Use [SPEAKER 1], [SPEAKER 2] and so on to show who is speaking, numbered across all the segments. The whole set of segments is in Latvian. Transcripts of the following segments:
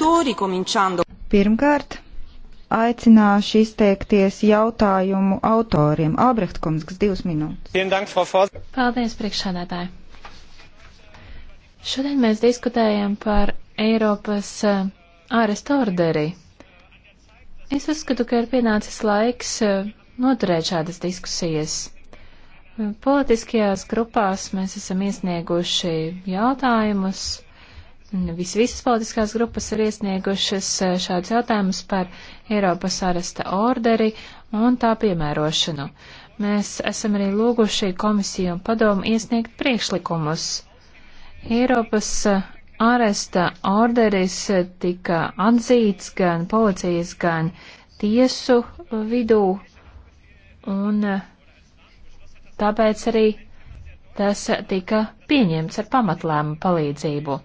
[SPEAKER 1] relatori, cominciando.
[SPEAKER 2] Pirmkārt, aicināšu izteikties jautājumu autoriem. Albrecht kungs, kas divas minūtes.
[SPEAKER 1] Paldies, priekšsādātāji. Šodien mēs diskutējam par Eiropas eh, ārestu orderi. Es uzskatu, ka ir pienācis laiks eh, noturēt šādas diskusijas. Politiskajās grupās mēs esam iesnieguši jautājumus Vis, visas politiskās grupas ir iesniegušas e, šādus jautājumus par Eiropas aresta orderi un tā piemērošanu. Mēs esam arī lūguši komisiju un padomu iesniegt priekšlikumus. Eiropas e, aresta orderis e, tika atzīts gan policijas, gan tiesu vidū, un tāpēc arī tas tika pieņemts ar pamatlēmu palīdzību.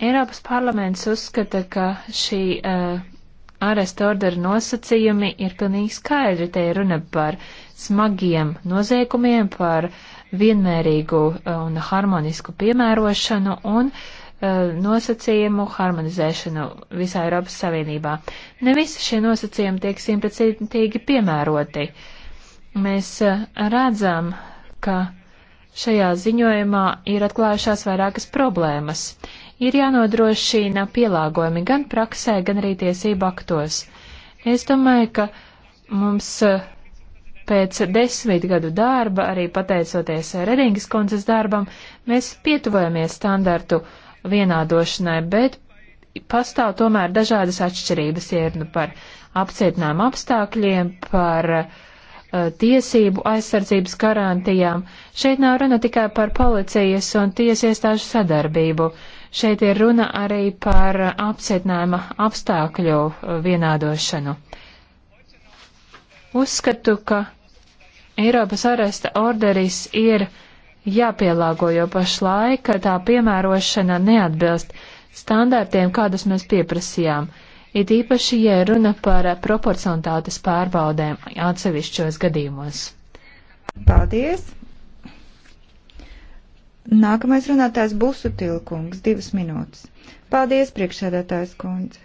[SPEAKER 1] Eiropas parlaments uzskata, ka šī uh, eh, aresta ordera nosacījumi ir pilnīgi skaidri. Te ir runa par smagiem noziegumiem, par vienmērīgu uh, un harmonisku piemērošanu un uh, nosacījumu harmonizēšanu visā Eiropas Savienībā. Ne visi šie nosacījumi tiek simtprocentīgi piemēroti. Mēs redzam, ka šajā ziņojumā ir atklājušās vairākas problēmas ir jānodrošina pielāgojumi gan praksē, gan arī tiesību aktos. Es domāju, ka mums eh, pēc desmit gadu darba, arī pateicoties Redingas kundzes darbam, mēs pietuvojamies standartu vienādošanai, bet pastāv tomēr dažādas atšķirības, ja ir nu par apcietinājumu apstākļiem, par uh, tiesību aizsardzības garantijām. Šeit nav runa tikai par policijas un tiesu iestāžu sadarbību. Uh, Šeit ir runa arī par apcietinājuma apstākļu uh, vienādošanu. Uzskatu, ka Eiropas aresta orderis ir jāpielāgo, jo pašlaik tā piemērošana neatbilst standartiem, kādus mēs pieprasījām. It īpaši, ja runa par proporcionālitātes
[SPEAKER 2] pārbaudēm atsevišķos gadījumos. Paldies! Nākamais runātājs Busu Tilkungs, divas minūtes. Paldies, priekšsēdētājs kundze.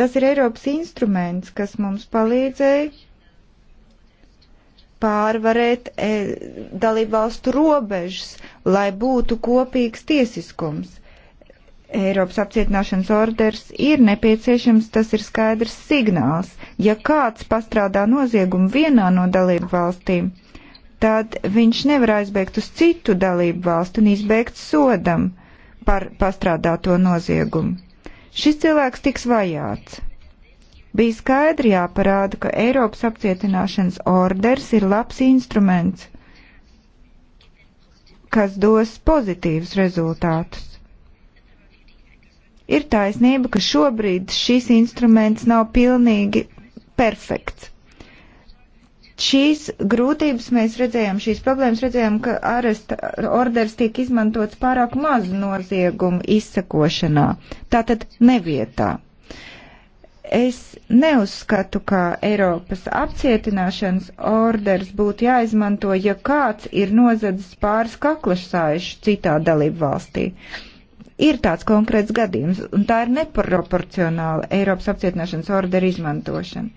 [SPEAKER 2] Tas ir Eiropas instruments, kas mums palīdzēja pārvarēt e, dalību valstu robežas, lai būtu kopīgs tiesiskums. Eiropas apcietināšanas orders ir nepieciešams, tas ir skaidrs signāls. Ja kāds pastrādā noziegumu vienā no dalību valstīm, tad viņš nevar aizbēgt uz citu dalību valstu un izbēgt sodam par pastrādāto noziegumu. Šis cilvēks tiks vajāts. Bija skaidri jāparāda, ka Eiropas apcietināšanas orders ir labs instruments, kas dos pozitīvus rezultātus. Ir taisnība, ka šobrīd šis instruments nav pilnīgi perfekts Šīs grūtības mēs redzējām, šīs problēmas redzējām, ka aresta orders tiek izmantots pārāk mazu noziegumu izsakošanā, tātad nevietā. Es neuzskatu, ka Eiropas apcietināšanas orders būtu jāizmanto, ja kāds ir nozadzis pāris kaklašsājuši citā dalību valstī ir tāds konkrēts gadījums, un tā ir neproporcionāla Eiropas apcietināšanas ordera izmantošana.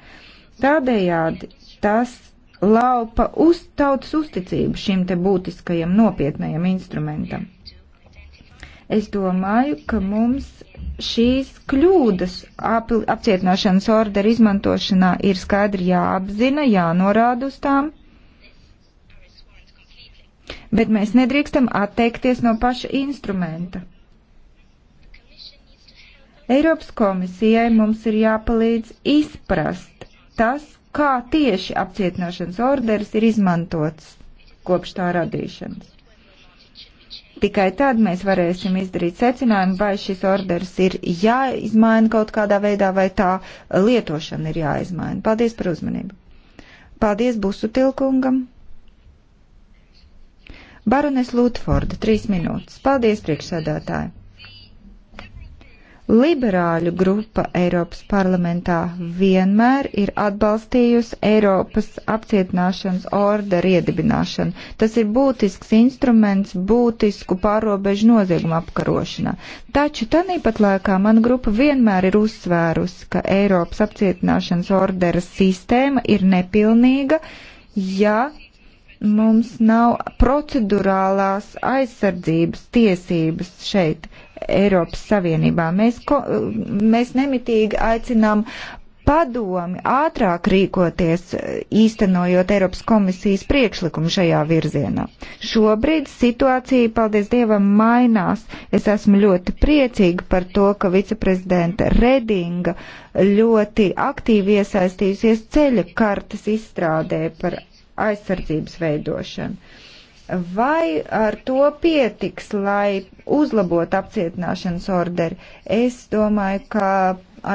[SPEAKER 2] Tādējādi tas laupa uz tautas uzticību šim te būtiskajam nopietnajam instrumentam. Es domāju, ka mums šīs kļūdas ap, apcietināšanas ordera izmantošanā ir skaidri jāapzina, jānorāda uz tām bet mēs nedrīkstam atteikties no paša instrumenta. Eiropas komisijai mums ir jāpalīdz izprast tas, kā tieši apcietināšanas orderis ir izmantots kopš tā radīšanas. Tikai tad mēs varēsim izdarīt secinājumu, vai šis orders ir jāizmaina kaut kādā veidā, vai tā lietošana ir jāizmaina. Paldies par uzmanību. Paldies Busu Tilkungam. Barones Lutforda, trīs minūtes. Paldies, priekšsēdētāji. Liberāļu grupa Eiropas parlamentā vienmēr ir atbalstījusi Eiropas apcietināšanas orderu iedibināšanu. Tas ir būtisks instruments būtisku pārobežu noziegumu apkarošanā. Taču tanīpat laikā mana grupa vienmēr ir uzsvērusi, ka Eiropas apcietināšanas ordera sistēma ir nepilnīga, ja mums nav procedurālās aizsardzības tiesības šeit Eiropas Savienībā. Mēs, ko, mēs nemitīgi aicinām padomi ātrāk rīkoties, īstenojot Eiropas komisijas priekšlikumu šajā virzienā. Šobrīd situācija, paldies Dievam, mainās. Es esmu ļoti priecīga par to, ka viceprezidenta Redinga ļoti aktīvi iesaistījusies ceļa kartas izstrādē par aizsardzības veidošanu. Vai ar to pietiks, lai uzlabotu apcietināšanas orderi? Es domāju, ka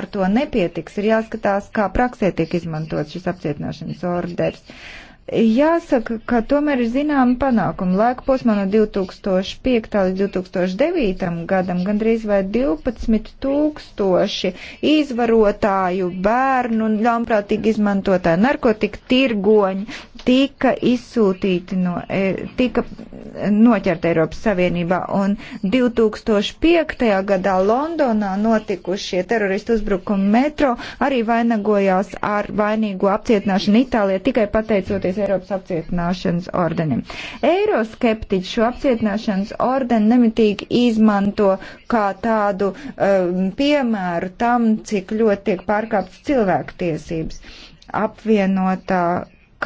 [SPEAKER 2] ar to nepietiks. Ir jāskatās, kā praksē tiek izmantot šis apcietināšanas orders. Uh, Jāsaka, ka tomēr ir zināma panākuma. Laika posmā no 2005. līdz 2009. gadam gandrīz vai 12 tūkstoši izvarotāju, bērnu, ļaunprātīgi izmantotāju, narkotika tirgoņi tika izsūtīti no, e, tika noķerta Eiropas Savienībā. Un 2005. gadā Londonā notikušie teroristu uzbrukumi metro arī vainagojās ar vainīgo apcietināšanu Itālijā tikai pateicoties pateicoties Eiropas apcietināšanas ordenim. Eiroskeptiķi šo apcietināšanas ordeni nemitīgi izmanto kā tādu um, piemēru tam, cik ļoti tiek pārkāptas cilvēktiesības. Apvienotā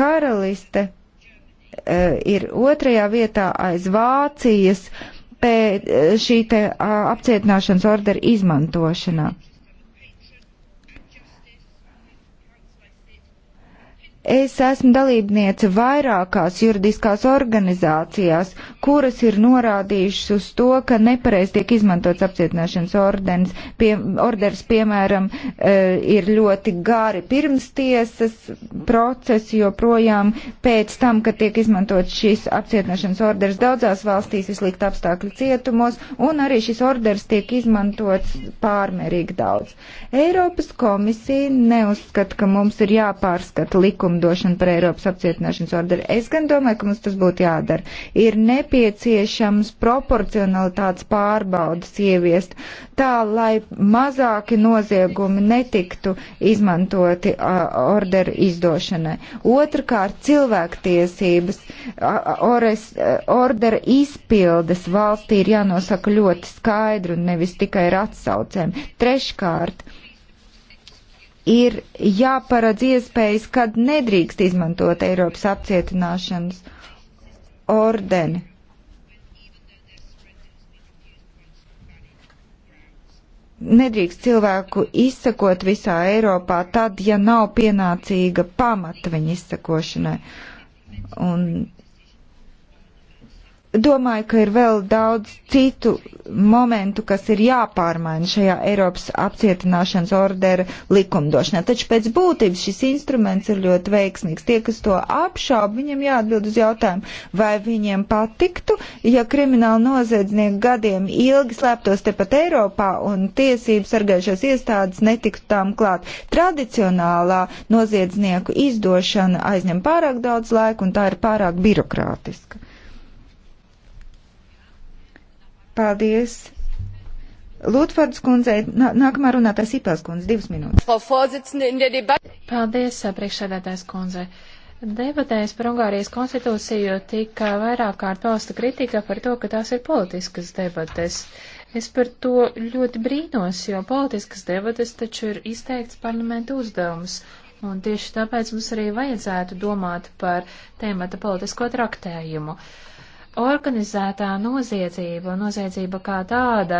[SPEAKER 2] karaliste uh, ir otrajā vietā aiz Vācijas pēc uh, šī te uh, apcietināšanas ordera izmantošanā. Es esmu dalībniece vairākās juridiskās organizācijās, kuras ir norādījušas uz to, ka nepareiz tiek izmantots apcietināšanas ordens. Pie, orders, piemēram, e, ir ļoti gari pirms tiesas procesi joprojām pēc tam, kad tiek izmantots šis apcietināšanas orders daudzās valstīs vislikt apstākļu cietumos, un arī šis orders tiek izmantots pārmērīgi daudz. Eiropas komisija neuzskata, ka mums ir jāpārskata likums likumdošanu par Eiropas apcietināšanas orderi. Es gan domāju, ka mums tas būtu jādara. Ir nepieciešams proporcionalitātes pārbaudas ieviest tā, lai mazāki noziegumi netiktu izmantoti uh, orderu izdošanai. Otrakārt, cilvēktiesības uh, ores, uh, ordera izpildes valstī ir jānosaka ļoti skaidri un nevis tikai ar atsaucēm. Treškārt, uh, ir jāparedz iespējas, kad nedrīkst izmantot Eiropas apcietināšanas ordeni. Nedrīkst cilvēku izsakot visā Eiropā tad, ja nav pienācīga pamata viņa izsakošanai. Un domāju, ka ir vēl daudz citu momentu, kas ir jāpārmaina šajā Eiropas apcietināšanas ordera likumdošanā. Taču pēc būtības šis instruments ir ļoti veiksmīgs. Tie, kas to apšauba, viņiem jāatbild uz jautājumu, vai viņiem patiktu, ja krimināli noziedznieki gadiem ilgi slēptos tepat Eiropā un tiesības sargājušās iestādes netiktu tām klāt. Tradicionālā noziedznieku izdošana aizņem pārāk daudz laika un tā ir pārāk birokrātiska. Paldies! Lūtfords kundzei, nākamā runātā Sipels kundze, divas minūtes.
[SPEAKER 1] Paldies, priekšsēdētājs kundze. Debatēs par Ungārijas konstitūciju tika vairāk kārt pausta kritika par to, ka tās ir politiskas debates. Es par to ļoti brīnos, jo politiskas debates taču ir izteikts parlamentu uzdevums. Un tieši tāpēc mums arī vajadzētu domāt par tēmata politisko traktējumu. Uh, Organizētā noziedzība un noziedzība kā tāda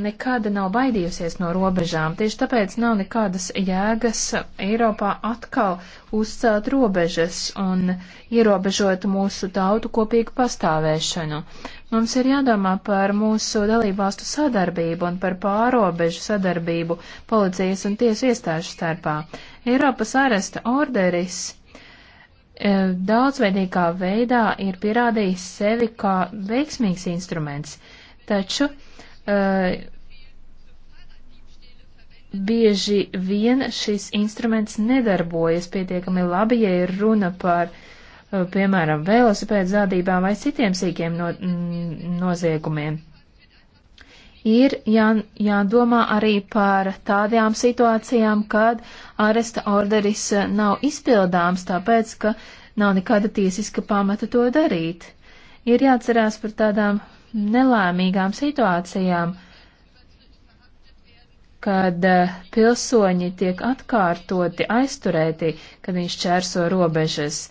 [SPEAKER 1] nekad nav baidījusies no robežām. Tieši tāpēc nav nekādas jēgas Eiropā atkal uzcelt robežas un ierobežot mūsu tautu kopīgu pastāvēšanu. Mums ir jādomā par mūsu dalībvalstu sadarbību un par pārobežu sadarbību policijas un tiesu iestāžu starpā. Eiropas aresta orderis E, daudzveidīgā veidā ir pierādījis sevi kā veiksmīgs instruments, taču uh, bieži vien šis instruments nedarbojas pietiekami labi, ja ir runa par, uh, piemēram, velosipēdu zādībām vai citiem sīkiem no, noziegumiem ir jā, jādomā arī par tādām situācijām, kad aresta orderis eh, nav izpildāms, tāpēc, ka nav nekāda tiesiska pamata to darīt. Ir jāatcerās par tādām nelēmīgām situācijām, kad eh, pilsoņi tiek atkārtoti aizturēti, kad viņš čērso robežas.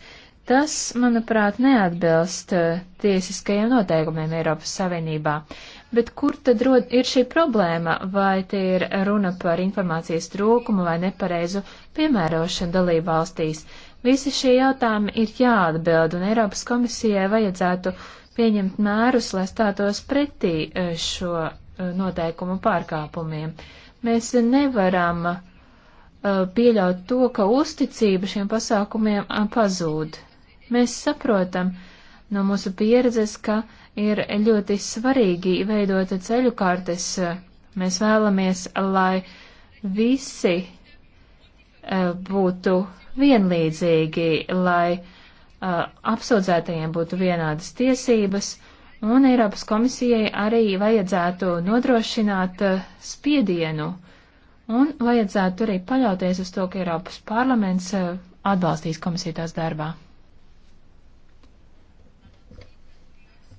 [SPEAKER 1] Tas, manuprāt, neatbilst eh, tiesiskajiem noteikumiem Eiropas Savienībā. Uh, Bet kur tad rod, ir šī problēma? Vai tie ir runa par informācijas trūkumu vai nepareizu piemērošanu dalību valstīs? Visi šie jautājumi ir jāatbild, un Eiropas komisijai vajadzētu pieņemt mērus, lai stātos pretī e, šo e, noteikumu pārkāpumiem. Mēs nevaram e, pieļaut to, ka uzticība šiem pasākumiem pazūd. Mēs saprotam no mūsu pieredzes, ka uh, ir ļoti svarīgi veidot ceļu kārtas. Mēs vēlamies, lai visi eh, būtu vienlīdzīgi, lai eh, apsūdzētajiem būtu vienādas tiesības, un Eiropas komisijai arī vajadzētu nodrošināt eh, spiedienu, un vajadzētu arī paļauties uz to, ka Eiropas parlaments atbalstīs komisiju tās darbā.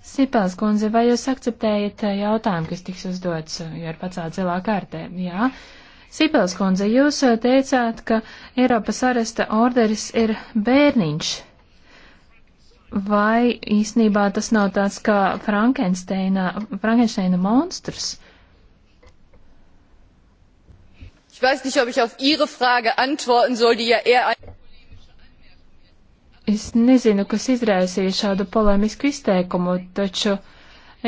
[SPEAKER 1] Sipels kundze, vai jūs akceptējat eh, jautājumu, kas tiks uzdots, eh, jo ir pacēta zilā kārtē? Jā. Sipels kundze, jūs eh, teicāt, ka Eiropas aresta orderis ir bērniņš. Vai īsnībā tas nav tāds kā Frankensteina, Frankensteina monstrs?
[SPEAKER 2] Ich weiß nicht, ob ich auf Ihre
[SPEAKER 3] Frage antworten soll, die ja eher...
[SPEAKER 1] Es nezinu, kas izraisīja šādu polemisku izteikumu, taču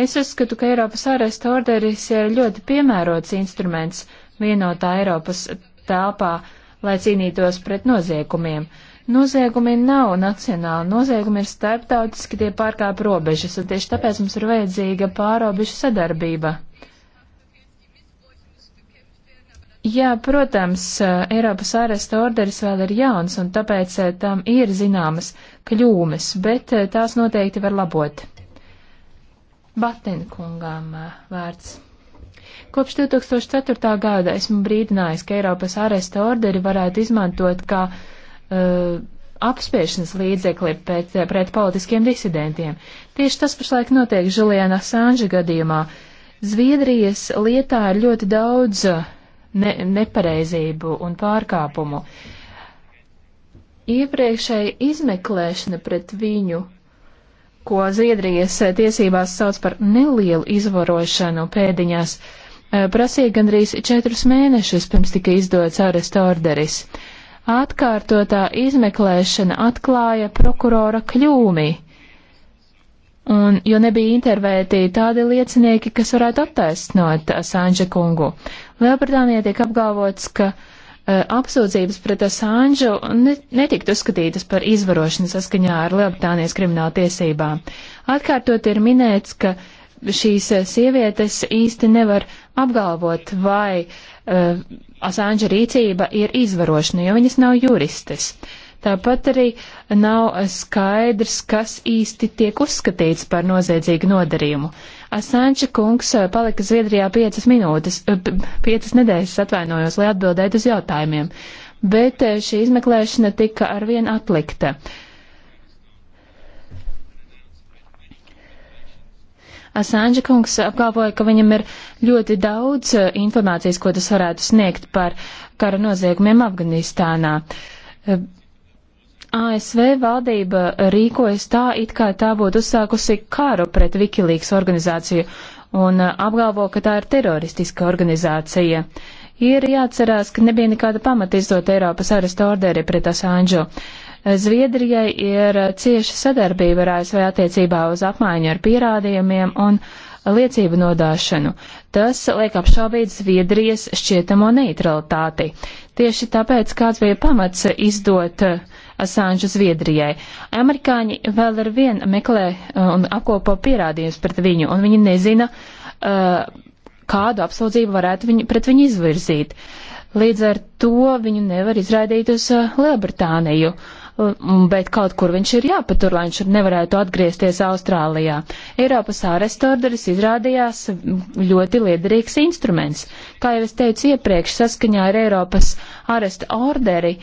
[SPEAKER 1] es uzskatu, ka Eiropas āresta orderis ir ļoti piemērots instruments vienotā Eiropas telpā, lai cīnītos pret noziegumiem. Noziegumi nav nacionāli, noziegumi ir starptautiski, tie pārkāp robežas, un tieši tāpēc mums ir vajadzīga pārobežu sadarbība. Jā, protams, eh, Eiropas āresta orderis vēl ir jauns, un tāpēc eh, tam ir zināmas kļūmes, bet eh, tās noteikti var labot. Batenkungām vārds. Kopš 2004. gada esmu brīdinājis, ka Eiropas āresta orderi varētu izmantot kā uh, apspiešanas līdzekli pret, pret politiskiem disidentiem. Tieši tas pašlaik notiek Žuliana Sanža gadījumā. Zviedrijas lietā ir ļoti daudz uh, ne, nepareizību un pārkāpumu. Iepriekšēja izmeklēšana pret viņu, ko Zviedrijas tiesībās sauc par nelielu izvarošanu pēdiņās, eh, prasīja gandrīz četrus mēnešus pirms tika izdots arest orderis. Atkārtotā izmeklēšana atklāja prokurora kļūmi un jo nebija intervētī tādi liecinieki, kas varētu attaisnot Sanža kungu. Lielbritānijā tiek apgalvots, ka uh, apsūdzības pret Asanžu ne, netikt uzskatītas par izvarošanu saskaņā ar Lielbritānijas kriminālu tiesībām. Atkārtot ir minēts, ka šīs e, sievietes īsti nevar apgalvot, vai uh, e, Asanža rīcība ir izvarošana, jo viņas nav juristes. Uh, Tāpat arī nav skaidrs, kas īsti tiek uzskatīts par noziedzīgu nodarījumu. Asanča kungs eh, palika Zviedrijā piecas minūtes, eh, piecas nedēļas atvainojos, lai atbildētu uz jautājumiem, bet eh, šī izmeklēšana tika arvien atlikta. Asanža kungs apgalvoja, ka viņam ir ļoti daudz informācijas, ko tas varētu sniegt par kara noziegumiem Afganistānā. ASV valdība rīkojas tā, it kā tā būtu uzsākusi karu pret Wikileaks organizāciju un uh, apgalvo, ka tā ir teroristiska organizācija. Ir jāatcerās, ka nebija nekāda pamata izdot Eiropas arestu orderi pret Asanžu. Zviedrijai ir uh, cieša sadarbība ar ASV attiecībā uz apmaiņu ar pierādījumiem un liecību nodāšanu. Tas liek apšaubīt Zviedrijas šķietamo neutralitāti. Tieši tāpēc kāds bija pamats izdot uh, Asāņu Zviedrijai. Amerikāņi vēl ar vien meklē uh, un apkopo pierādījumus pret viņu, un viņi nezina, uh, kādu apsūdzību varētu viņu, pret viņu izvirzīt. Līdz ar to viņu nevar izraidīt uz uh, Lielbritāniju. Uh, bet kaut kur viņš ir jāpatur, lai viņš nevarētu atgriezties Austrālijā. Eiropas ārestu orderis izrādījās ļoti liederīgs instruments. Kā jau es teicu iepriekš, saskaņā ar Eiropas ārestu orderi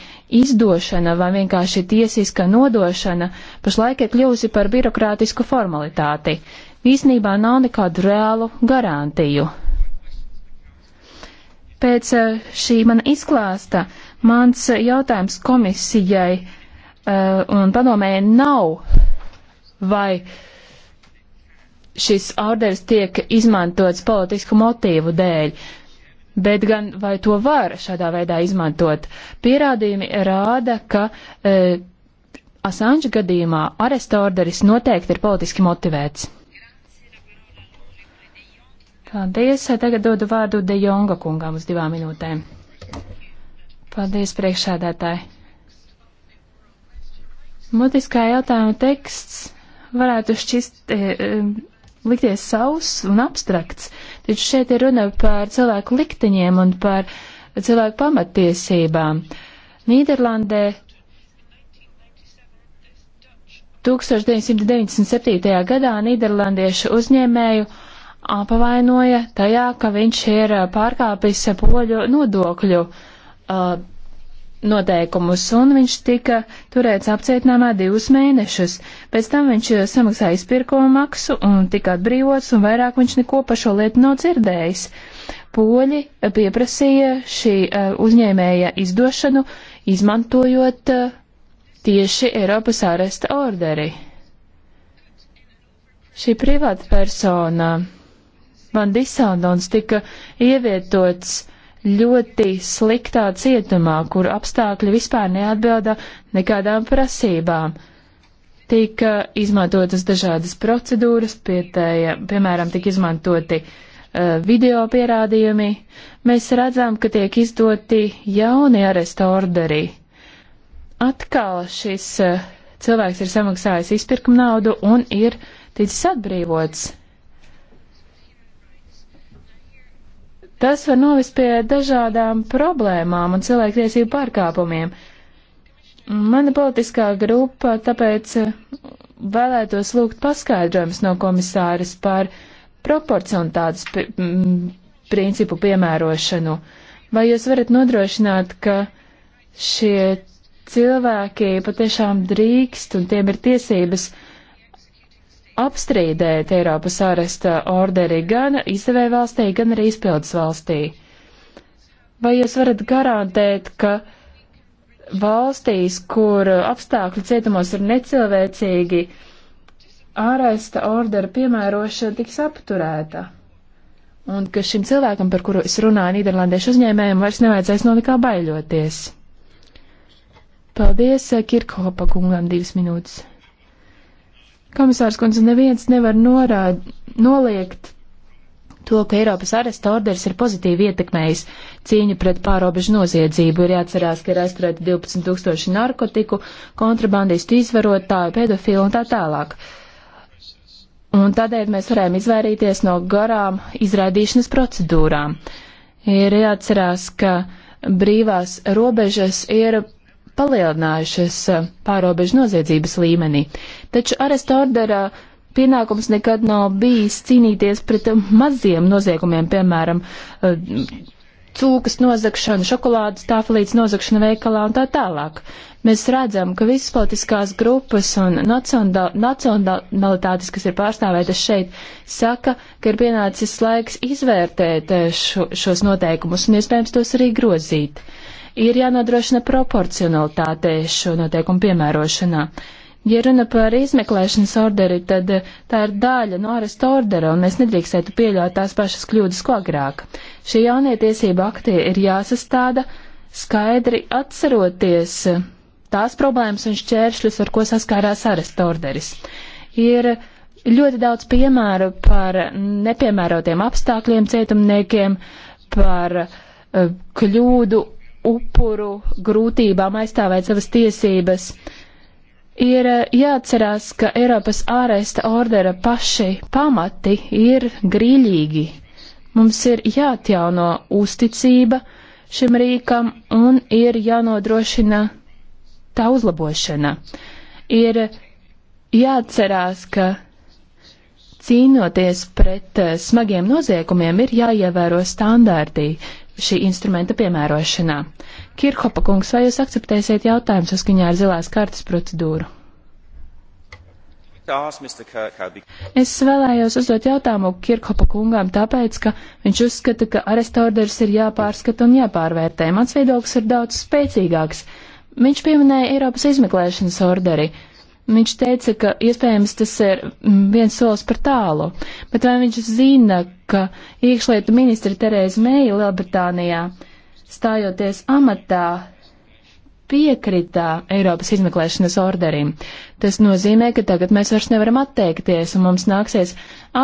[SPEAKER 1] izdošana vai vienkārši tiesiska nodošana pašlaik ir kļūsi par birokrātisku formalitāti. Īsnībā nav nekādu reālu garantiju. Pēc eh, šī mana izklāsta mans jautājums komisijai Eh, un padomē nav, vai šis orderis tiek izmantots politisku motīvu dēļ, bet gan vai to var šādā veidā izmantot. Pierādījumi rāda, ka e, eh, Asanža gadījumā aresta orderis noteikti ir politiski motivēts. Paldies, tagad dodu vārdu De Jonga kungām uz divām minūtēm. Paldies, priekšsēdētāji. Mutiskā jautājuma teksts varētu šķist, e, e, likties sauss un abstrakts, taču šeit ir runa par cilvēku likteņiem un par cilvēku pamattiesībām. Nīderlandē 1997. gadā Nīderlandiešu uzņēmēju apvainoja tajā, ka viņš ir eh, pārkāpis poļu nodokļu. Uh, noteikumus, un viņš tika turēts apcietinājumā divus mēnešus. Pēc tam viņš eh, samaksāja izpirkuma maksu un tika atbrīvots, un vairāk viņš neko par šo lietu nav dzirdējis. Poļi eh, pieprasīja šī eh, uzņēmēja izdošanu, izmantojot tieši Eiropas āresta orderi. Šī privāta persona Van Disandons tika ievietots ļoti sliktā cietumā, kur apstākļi vispār neatbilda nekādām prasībām. Tika izmantotas dažādas procedūras, pietēja, piemēram, tika izmantoti uh, video pierādījumi. Mēs redzam, ka tiek izdoti jauni aresta orderi. Atkal šis uh, cilvēks ir samaksājis izpirkuma naudu un ir ticis atbrīvots. Tas var novest pie dažādām problēmām un cilvēktiesību pārkāpumiem. Mana politiskā grupa tāpēc eh, vēlētos lūgt paskaidrojums no komisāras par proporcionitātes principu piemērošanu. Vai jūs varat nodrošināt, ka šie cilvēki patiešām drīkst un tiem ir tiesības? apstrīdēt Eiropas āresta orderi gan izdevēja valstī, gan arī izpildes valstī. Vai jūs varat garantēt, ka valstīs, kur apstākļi cietumos ir necilvēcīgi, āresta ordera piemērošana tiks apturēta? Un ka šim cilvēkam, par kuru es runāju, Nīderlandiešu uzņēmējiem, vairs nevajadzēs no nekā baiļoties. Paldies Kirkhopa kungam divas minūtes. Komisārs kundze, neviens nevar norād, noliegt to, ka Eiropas aresta orders ir pozitīvi ietekmējis cīņu pret pārobežu noziedzību. Ir jāatcerās, ka ir aizturēti 12 tūkstoši narkotiku, kontrabandistu izvarotāju, pedofilu un tā tālāk. Un tādēļ mēs varējām izvairīties no garām izraidīšanas procedūrām. Ir jāatcerās, ka brīvās robežas ir palielinājušas eh, pārobežu noziedzības līmenī, taču arestu orderā pienākums nekad nav bijis cīnīties pret maziem noziegumiem, piemēram, eh, cūkas nozagšana, šokolādes tāfelītes nozagšana veikalā un tā tālāk. Mēs redzam, ka visas politiskās grupas un nacionalitātes, kas ir pārstāvētas šeit, saka, ka ir pienācis laiks izvērtēt eh, šo, šos noteikumus un iespējams tos arī grozīt. Uh, Ir jānodrošina proporcionalitāte šo noteikumu piemērošanā. Ja runa par izmeklēšanas orderi, tad tā ir daļa no aresta ordera, un mēs nedrīkstētu pieļaut tās pašas kļūdas, ko agrāk. Šie jaunie tiesība akti ir jāsastāda skaidri atceroties tās problēmas un šķēršļus, ar ko saskārās aresta orderis. Ir ļoti daudz piemēru par nepiemērotiem apstākļiem cietumniekiem, par eh, kļūdu upuru grūtībām aizstāvēt savas tiesības. Ir eh, jāatcerās, ka Eiropas ārēsta ordera paši pamati ir grīļīgi. Mums ir jāatjauno uzticība šim rīkam un ir jānodrošina tā uzlabošana. Ir jāatcerās, ka cīnoties pret eh, smagiem noziegumiem ir jāievēro standārtī šī instrumenta piemērošanā. Kirhopa kungs, vai jūs akceptēsiet jautājumu saskaņā ar zilās kartas procedūru? Es vēlējos uzdot jautājumu Kirkhopa kungām, tāpēc, ka viņš uzskata, ka arestorders ir jāpārskata un jāpārvērtē. Mans viedoklis ir daudz spēcīgāks. Viņš pieminēja Eiropas izmeklēšanas orderi. Uh, Viņš teica, ka iespējams tas ir mm, viens solis par tālu, bet vai viņš zina, ka iekšlietu ministra Terēza Meija Lielbritānijā stājoties amatā piekritā Eiropas izmeklēšanas orderim. Tas nozīmē, ka tagad mēs vairs nevaram atteikties un mums nāksies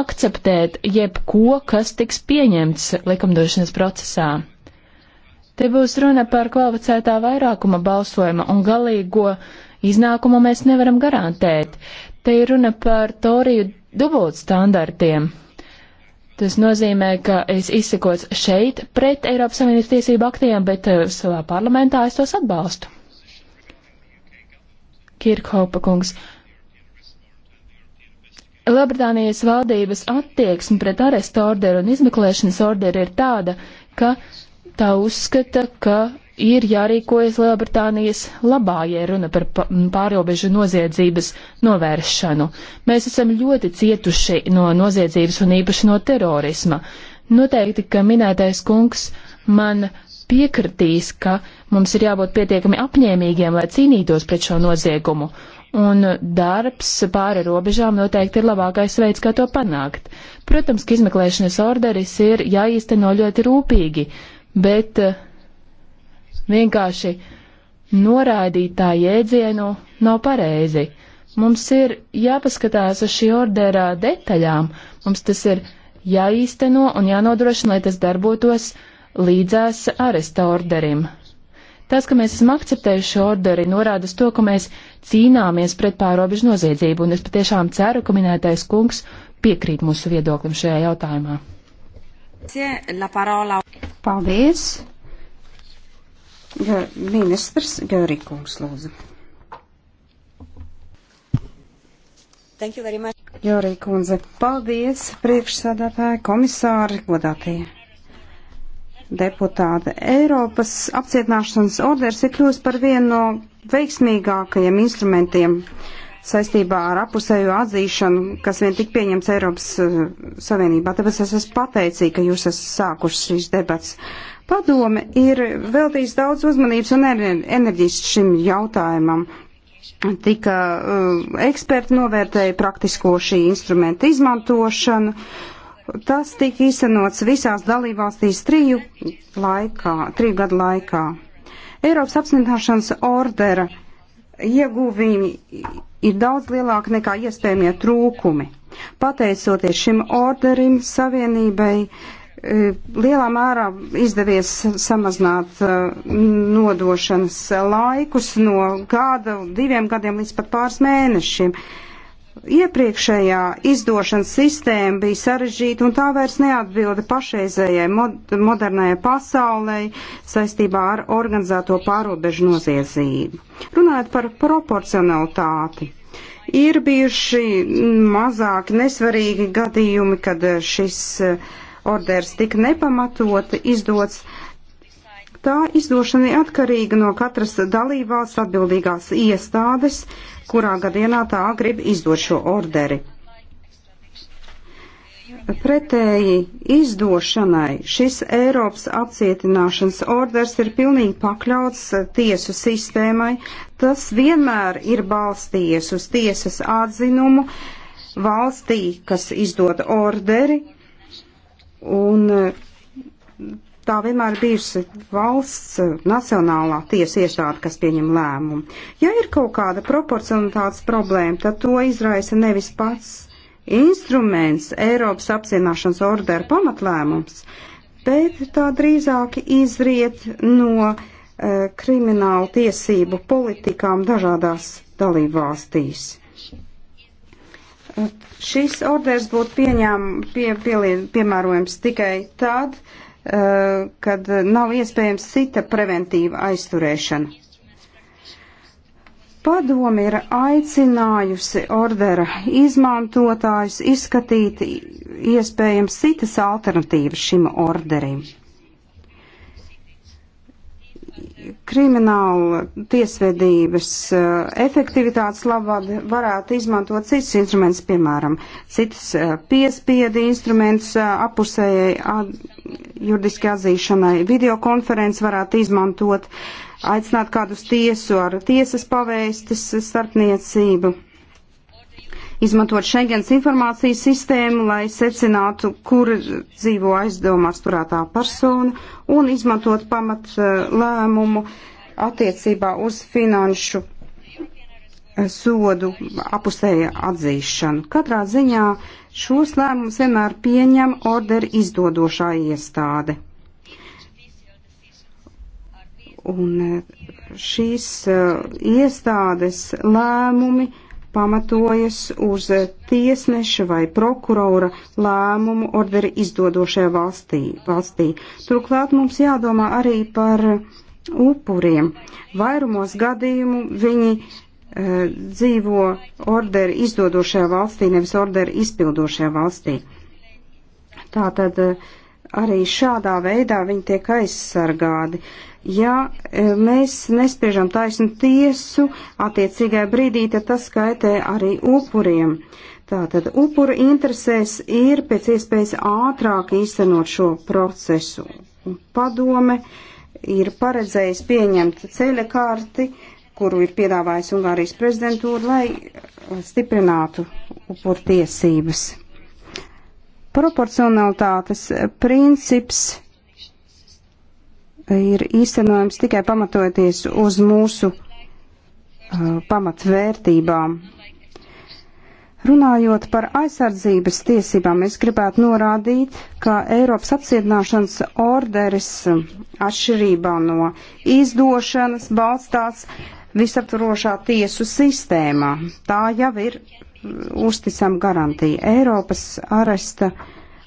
[SPEAKER 1] akceptēt jebko, kas tiks pieņemts likumdošanas procesā. Te būs runa par kvalificētā vairākuma balsojuma un galīgo iznākumu mēs nevaram garantēt. Te ir runa par toriju dubult standartiem. Tas nozīmē, ka es izsakos šeit pret Eiropas Savienības tiesību aktiem, bet eh, savā parlamentā es tos atbalstu. Kirkhopa kungs. Lielbritānijas valdības attieksme pret arestu orderu un izmeklēšanas orderu ir tāda, ka tā uzskata, ka ir jārīkojas Lielbritānijas labā, ja runa par pārobežu noziedzības novēršanu. Mēs esam ļoti cietuši no noziedzības un īpaši no terorisma. Noteikti, ka minētais kungs man piekritīs, ka mums ir jābūt pietiekami apņēmīgiem, lai cīnītos pret šo noziegumu. Un darbs pāri robežām noteikti ir labākais veids, kā to panākt. Protams, ka izmeklēšanas orderis ir jāīsteno ļoti rūpīgi, bet uh, vienkārši noraidīt tā jēdzienu nav pareizi. Mums ir jāpaskatās uz šī ordera detaļām, mums tas ir jāīsteno un jānodrošina, lai tas darbotos līdzās aresta orderim. Tas, ka mēs esam akceptējuši orderi, norāda to, ka mēs cīnāmies pret pārobežu noziedzību, un es patiešām ceru, ka minētais kungs piekrīt mūsu viedoklim šajā jautājumā.
[SPEAKER 4] Paldies! Ministrs Gerikungs, lūdzu. Jorī kundze, paldies, priekšsādātāji, komisāri, godātie deputāti. Eiropas apcietināšanas orders ir kļūst par vienu no veiksmīgākajiem instrumentiem saistībā ar apusēju atzīšanu, kas vien tik pieņemts Eiropas uh, Savienībā. Tāpēc es esmu pateicīga, ka jūs esat sākuši šīs debats. Uh, Padome ir veltījis daudz uzmanības un enerģijas šim jautājumam. Tika uh, eksperti novērtēja praktisko šī instrumenta izmantošanu. Tas tika īstenots visās dalībvalstīs triju, laikā, triju gadu laikā. Eiropas apsnināšanas ordera ieguvumi ir daudz lielāki nekā iespējamie trūkumi. Pateicoties šim orderim, Savienībai uh, lielā mērā izdevies samazināt eh, nodošanas laikus no gada, diviem gadiem līdz pat pāris mēnešiem. Iepriekšējā izdošanas sistēma bija sarežģīta un tā vairs neatbilda pašreizējai mod modernajai pasaulē saistībā ar organizēto pārobežu noziedzību. Runājot par proporcionalitāti, ir bijuši mazāk nesvarīgi gadījumi, kad šis uh, orders tika nepamatoti izdots. Tā izdošana ir atkarīga no katras dalībvalsts atbildīgās iestādes, kurā gadienā tā grib izdot šo orderi. Pretēji izdošanai šis Eiropas apcietināšanas orders ir pilnīgi pakļauts tiesu sistēmai. Tas vienmēr ir balstījies uz tiesas atzinumu valstī, kas izdod orderi, Un e, tā vienmēr bijusi valsts e, nacionālā tiesa iestāde, kas pieņem lēmumu. Ja ir kaut kāda proporcionalitātes problēma, tad to izraisa nevis pats instruments Eiropas apcienāšanas ordera pamatlēmums, bet tā drīzāk izriet no uh, kriminālu tiesību politikām dažādās dalībvalstīs. Uh, Šis orders būtu pieņēm, pie, pie, piemērojams tikai tad, eh, kad nav iespējams cita preventīva aizturēšana. Padomi ir aicinājusi ordera izmantotājus izskatīt iespējams citas alternatīvas šim orderim krimināla tiesvedības efektivitātes labāk varētu izmantot citas instruments, piemēram, citas piespiedi instruments apusējai juridiski atzīšanai. Videokonferences varētu izmantot, aicināt kādus tiesu ar tiesas pavēstis starpniecību izmantot Schengens informācijas sistēmu, lai secinātu, kur dzīvo aizdomās turētā persona un izmantot pamat eh, lēmumu attiecībā uz finanšu eh, sodu apusēja atzīšanu. Katrā ziņā šos lēmumus vienmēr pieņem orderi izdodošā iestāde. Un eh, šīs uh, iestādes lēmumi uh, pamatojas uz tiesneša vai prokurora lēmumu orderi izdodošajā valstī. valstī. Turklāt mums jādomā arī par upuriem. Vairumos gadījumu viņi e, dzīvo orderi izdodošajā valstī, nevis orderi izpildošajā valstī. Tātad e, arī šādā veidā viņi tiek aizsargādi. Ja e, mēs nespiežam taisnu tiesu, attiecīgā brīdī tad tas skaitē arī upuriem. Tātad upura interesēs ir pēc iespējas ātrāk īstenot šo procesu. Padome ir paredzējis pieņemt ceļa kārti, kuru ir piedāvājis Ungārijas prezidentūra, lai stiprinātu upur tiesības. Proporcionalitātes princips ir īstenojams tikai pamatojoties uz mūsu uh, pamatvērtībām. Runājot par aizsardzības tiesībām, es gribētu norādīt, ka Eiropas apcietināšanas orderis um, atšķirībā no izdošanas balstās visaptvarošā tiesu sistēmā. Tā jau ir uzticam garantiju. Eiropas aresta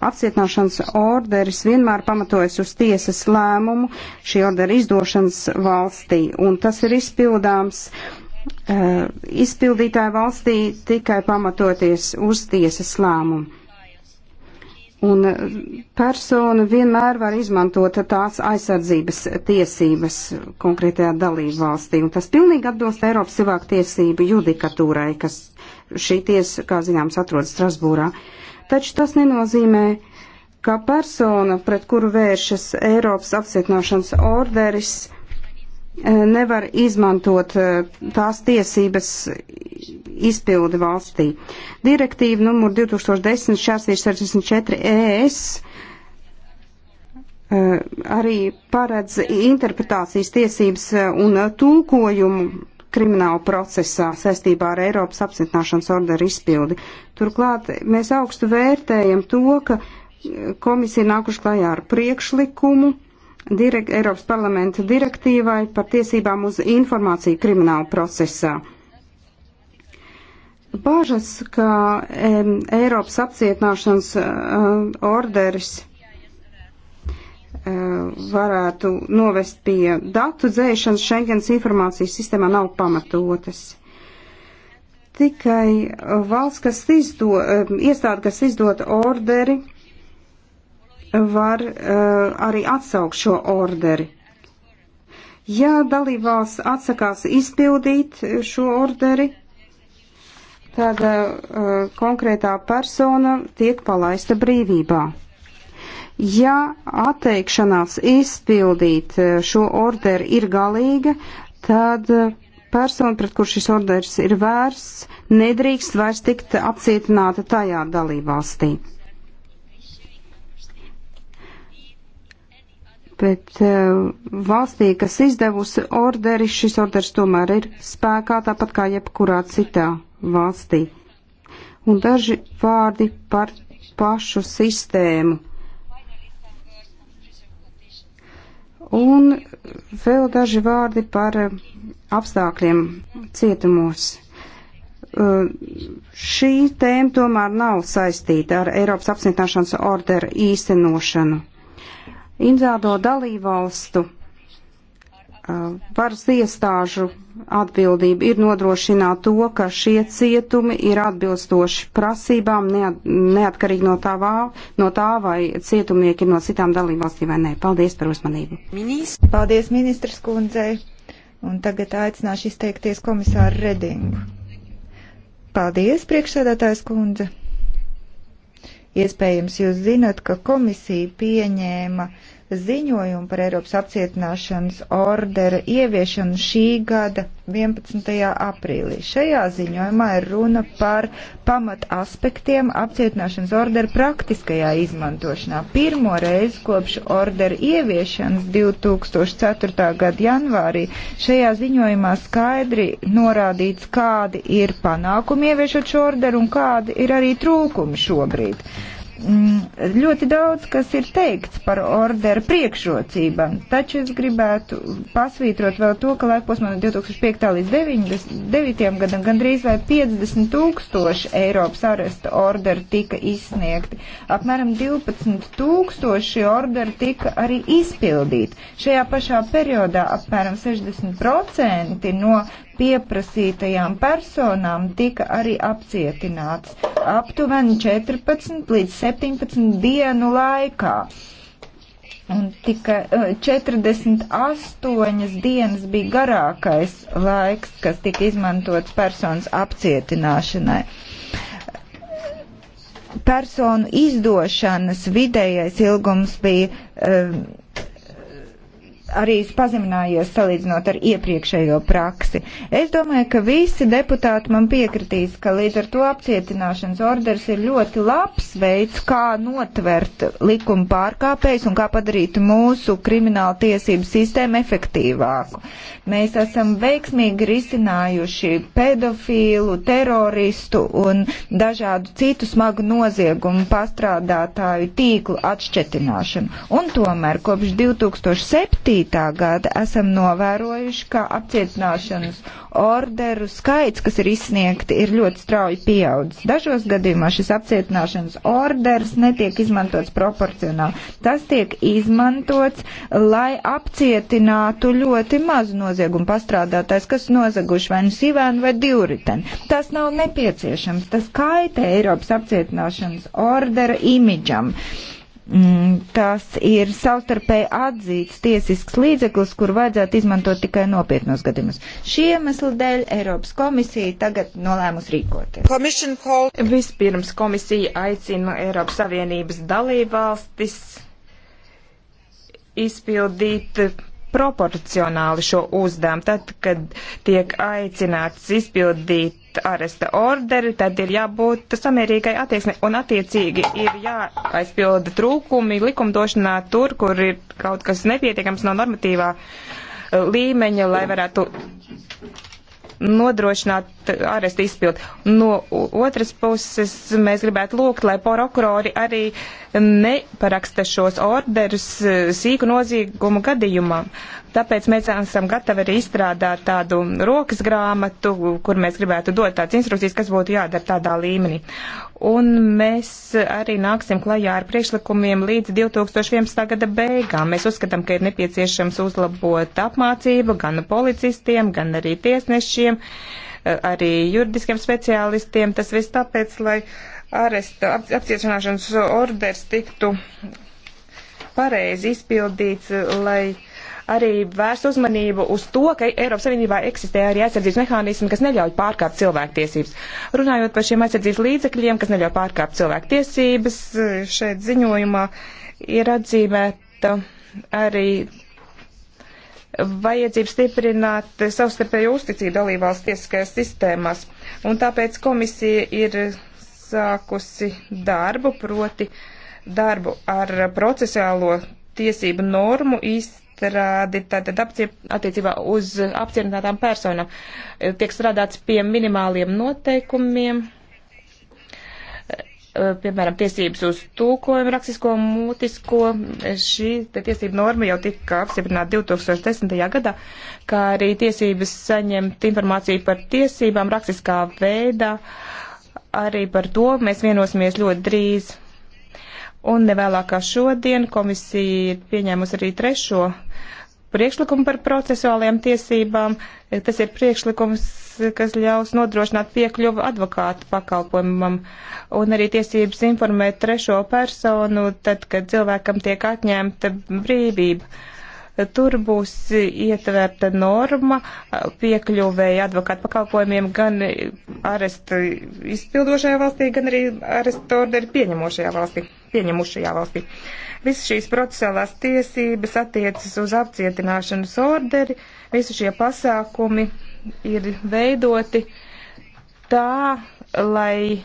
[SPEAKER 4] apcietināšanas orderis vienmēr pamatojas uz tiesas lēmumu šī ordera izdošanas valstī, un tas ir izpildāms uh, izpildītāja valstī tikai pamatoties uz tiesas lēmumu. Un eh, persona vienmēr var izmantot tās aizsardzības tiesības konkrētajā dalību valstī, un tas pilnīgi atbilst Eiropas cilvēku tiesību judikatūrai, kas Šī tiesa, kā zināms, atrodas Strasbūrā. Taču tas nenozīmē, ka persona, pret kuru vēršas Eiropas apcietināšanas orderis, e, nevar izmantot e, tās tiesības izpildi valstī. Direktīva numur 2010 64 ES arī paredz interpretācijas tiesības e, un tulkojumu krimināla procesā saistībā ar Eiropas apcietināšanas orderu izpildi. Turklāt mēs augstu vērtējam to, ka komisija nākuši klajā ar priekšlikumu direkt, Eiropas parlamenta direktīvai par tiesībām uz informāciju krimināla procesā. Bāžas, ka um, Eiropas apcietināšanas uh, orderis E, varētu novest pie datu dzēšanas Schengens informācijas sistēmā nav pamatotas. Tikai valsts, kas izdo, e, iestāde, kas izdod orderi, var e, arī atsaukt šo orderi. Ja dalībvalsts atsakās izpildīt šo orderi, tad konkrētā persona tiek palaista brīvībā. Ja atteikšanās izpildīt eh, šo orderu ir galīga, tad eh, persona, pret kur šis orders ir vērsts, nedrīkst vairs tikt apcietināta tajā dalībvalstī. Bet uh, valstī, kas izdevusi orderi, šis orders tomēr ir spēkā tāpat kā jebkurā citā valstī. Un daži vārdi par pašu sistēmu Un vēl daži vārdi par eh, apstākļiem cietumos. Eh, šī tēma tomēr nav saistīta ar Eiropas apcietināšanas orderu īstenošanu. Inzādo dalībvalstu eh, varas iestāžu atbildība ir nodrošināt to, ka šie cietumi ir atbilstoši prasībām, neat, neatkarīgi no tā, vā, no tā, vai cietumnieki ir no citām dalībvalstīm vai nē. Paldies par uzmanību.
[SPEAKER 2] Ministrs. Paldies ministrs kundzei. Un tagad aicināšu izteikties komisāru Redingu. Paldies, priekšsēdētājs kundze. Iespējams, jūs zinat, ka komisija pieņēma uh, ziņojumu par Eiropas apcietināšanas ordera ieviešanu šī gada 11. aprīlī. Šajā ziņojumā ir runa par pamat aspektiem apcietināšanas ordera praktiskajā izmantošanā. Pirmo reizi kopš ordera ieviešanas 2004. gada janvārī šajā ziņojumā skaidri norādīts, kādi ir panākumi ieviešot šo orderu un kādi ir arī trūkumi šobrīd. Mm, ļoti daudz, kas ir teikts par orderu priekšrocībām, taču es gribētu pasvītrot vēl to, ka laikposmā no 2005. līdz 2009. gadam gandrīz vai 50 tūkstoši Eiropas aresta orderu tika izsniegti. Apmēram 12 tūkstoši orderu tika arī izpildīti. Šajā pašā periodā apmēram 60% no pieprasītajām personām tika arī apcietināts aptuveni 14 līdz 17 dienu laikā. Un tika 48 eh, dienas bija garākais laiks, kas tika izmantots personas apcietināšanai personu izdošanas vidējais ilgums bija um, arī pazeminājies salīdzinot ar iepriekšējo praksi. Es domāju, ka visi deputāti man piekritīs, ka līdz ar to apcietināšanas orders ir ļoti labs veids, kā notvert likuma pārkāpējus un kā padarīt mūsu kriminālu tiesību sistēmu efektīvāku. Mēs esam veiksmīgi risinājuši pedofīlu, teroristu un dažādu citu smagu noziegumu pastrādātāju tīklu atšķetināšanu. Un tomēr kopš 2007. 2009. gada esam novērojuši, ka apcietināšanas orderu skaits, kas ir izsniegti, ir ļoti strauji pieaudzis. Dažos gadījumos šis apcietināšanas orders netiek izmantots proporcionāli. Tas tiek izmantots, lai apcietinātu ļoti mazu noziegumu pastrādātājs, kas nozaguši vai nu sīvēnu vai divriteni. Tas nav nepieciešams. Tas kaitē Eiropas apcietināšanas ordera imidžam. Uh, Mm, tas ir savstarpēji atzīts tiesisks līdzeklis, kur vajadzētu izmantot tikai nopietnos gadījumus. Šī iemesla dēļ Eiropas komisija tagad nolēmus rīkoties.
[SPEAKER 5] Call... Vispirms komisija aicina Eiropas Savienības dalībvalstis izpildīt proporcionāli šo uzdevumu. Tad, kad tiek aicināts izpildīt aresta orderi, tad ir jābūt samierīgai attieksmei un attiecīgi ir jāaizpilda trūkumi likumdošanā tur, kur ir kaut kas nepietiekams no normatīvā eh, līmeņa, lai varētu nodrošināt arestu izpildu. No otras puses, mēs gribētu lūgt, lai prokurori arī neparaksta šos orderus e, sīku nozīgumu gadījumā. Tāpēc mēs esam gatavi arī izstrādāt tādu rokas grāmatu, kur mēs gribētu dot tādas instrukcijas, kas būtu jādara tādā līmenī un mēs arī nāksim klajā ar priekšlikumiem līdz 2011. gada beigām. Mēs uzskatām, ka ir nepieciešams uzlabot apmācību gan policistiem, gan arī tiesnešiem, arī juridiskiem speciālistiem. Tas viss tāpēc, lai aresta ap, apcietināšanas orders tiktu pareizi izpildīts, lai arī vērst uzmanību uz to, ka Eiropas Savienībā eksistē arī aizsardzības mehānismi, kas neļauj pārkāpt cilvēktiesības. Runājot par šiem aizsardzības līdzekļiem, kas neļauj pārkāpt cilvēktiesības, šeit ziņojumā ir atzīmēta arī vajadzību stiprināt savstarpēju uzticību dalībvalsts tiesiskajās sistēmās. Un tāpēc komisija ir sākusi darbu, proti darbu ar procesuālo tiesību normu īstenību otrādi tātad attiecībā uz apcietinātām personām tiek strādāts pie minimāliem noteikumiem, eh, piemēram, tiesības uz tūkojumu, rakstisko, mutisko. Šī tiesība norma jau tika apstiprināta 2010. gadā, kā arī tiesības saņemt informāciju par tiesībām rakstiskā veidā. Arī par to mēs vienosimies ļoti drīz. Un nevēlākā šodien komisija ir pieņēmusi arī trešo priekšlikumu par procesuālajām tiesībām. Tas ir priekšlikums, kas ļaus nodrošināt piekļuvu advokātu pakalpojumam un arī tiesības informēt trešo personu, tad, kad cilvēkam tiek atņemta brīvība. Tur būs ietverta norma piekļuvēja advokātu pakalpojumiem gan arestu izpildošajā valstī, gan arī arestu orderi pieņemošajā valstī, pieņemušajā valstī. Visas šīs procesuālās tiesības attiecas uz apcietināšanas orderi, visi šie pasākumi ir veidoti tā, lai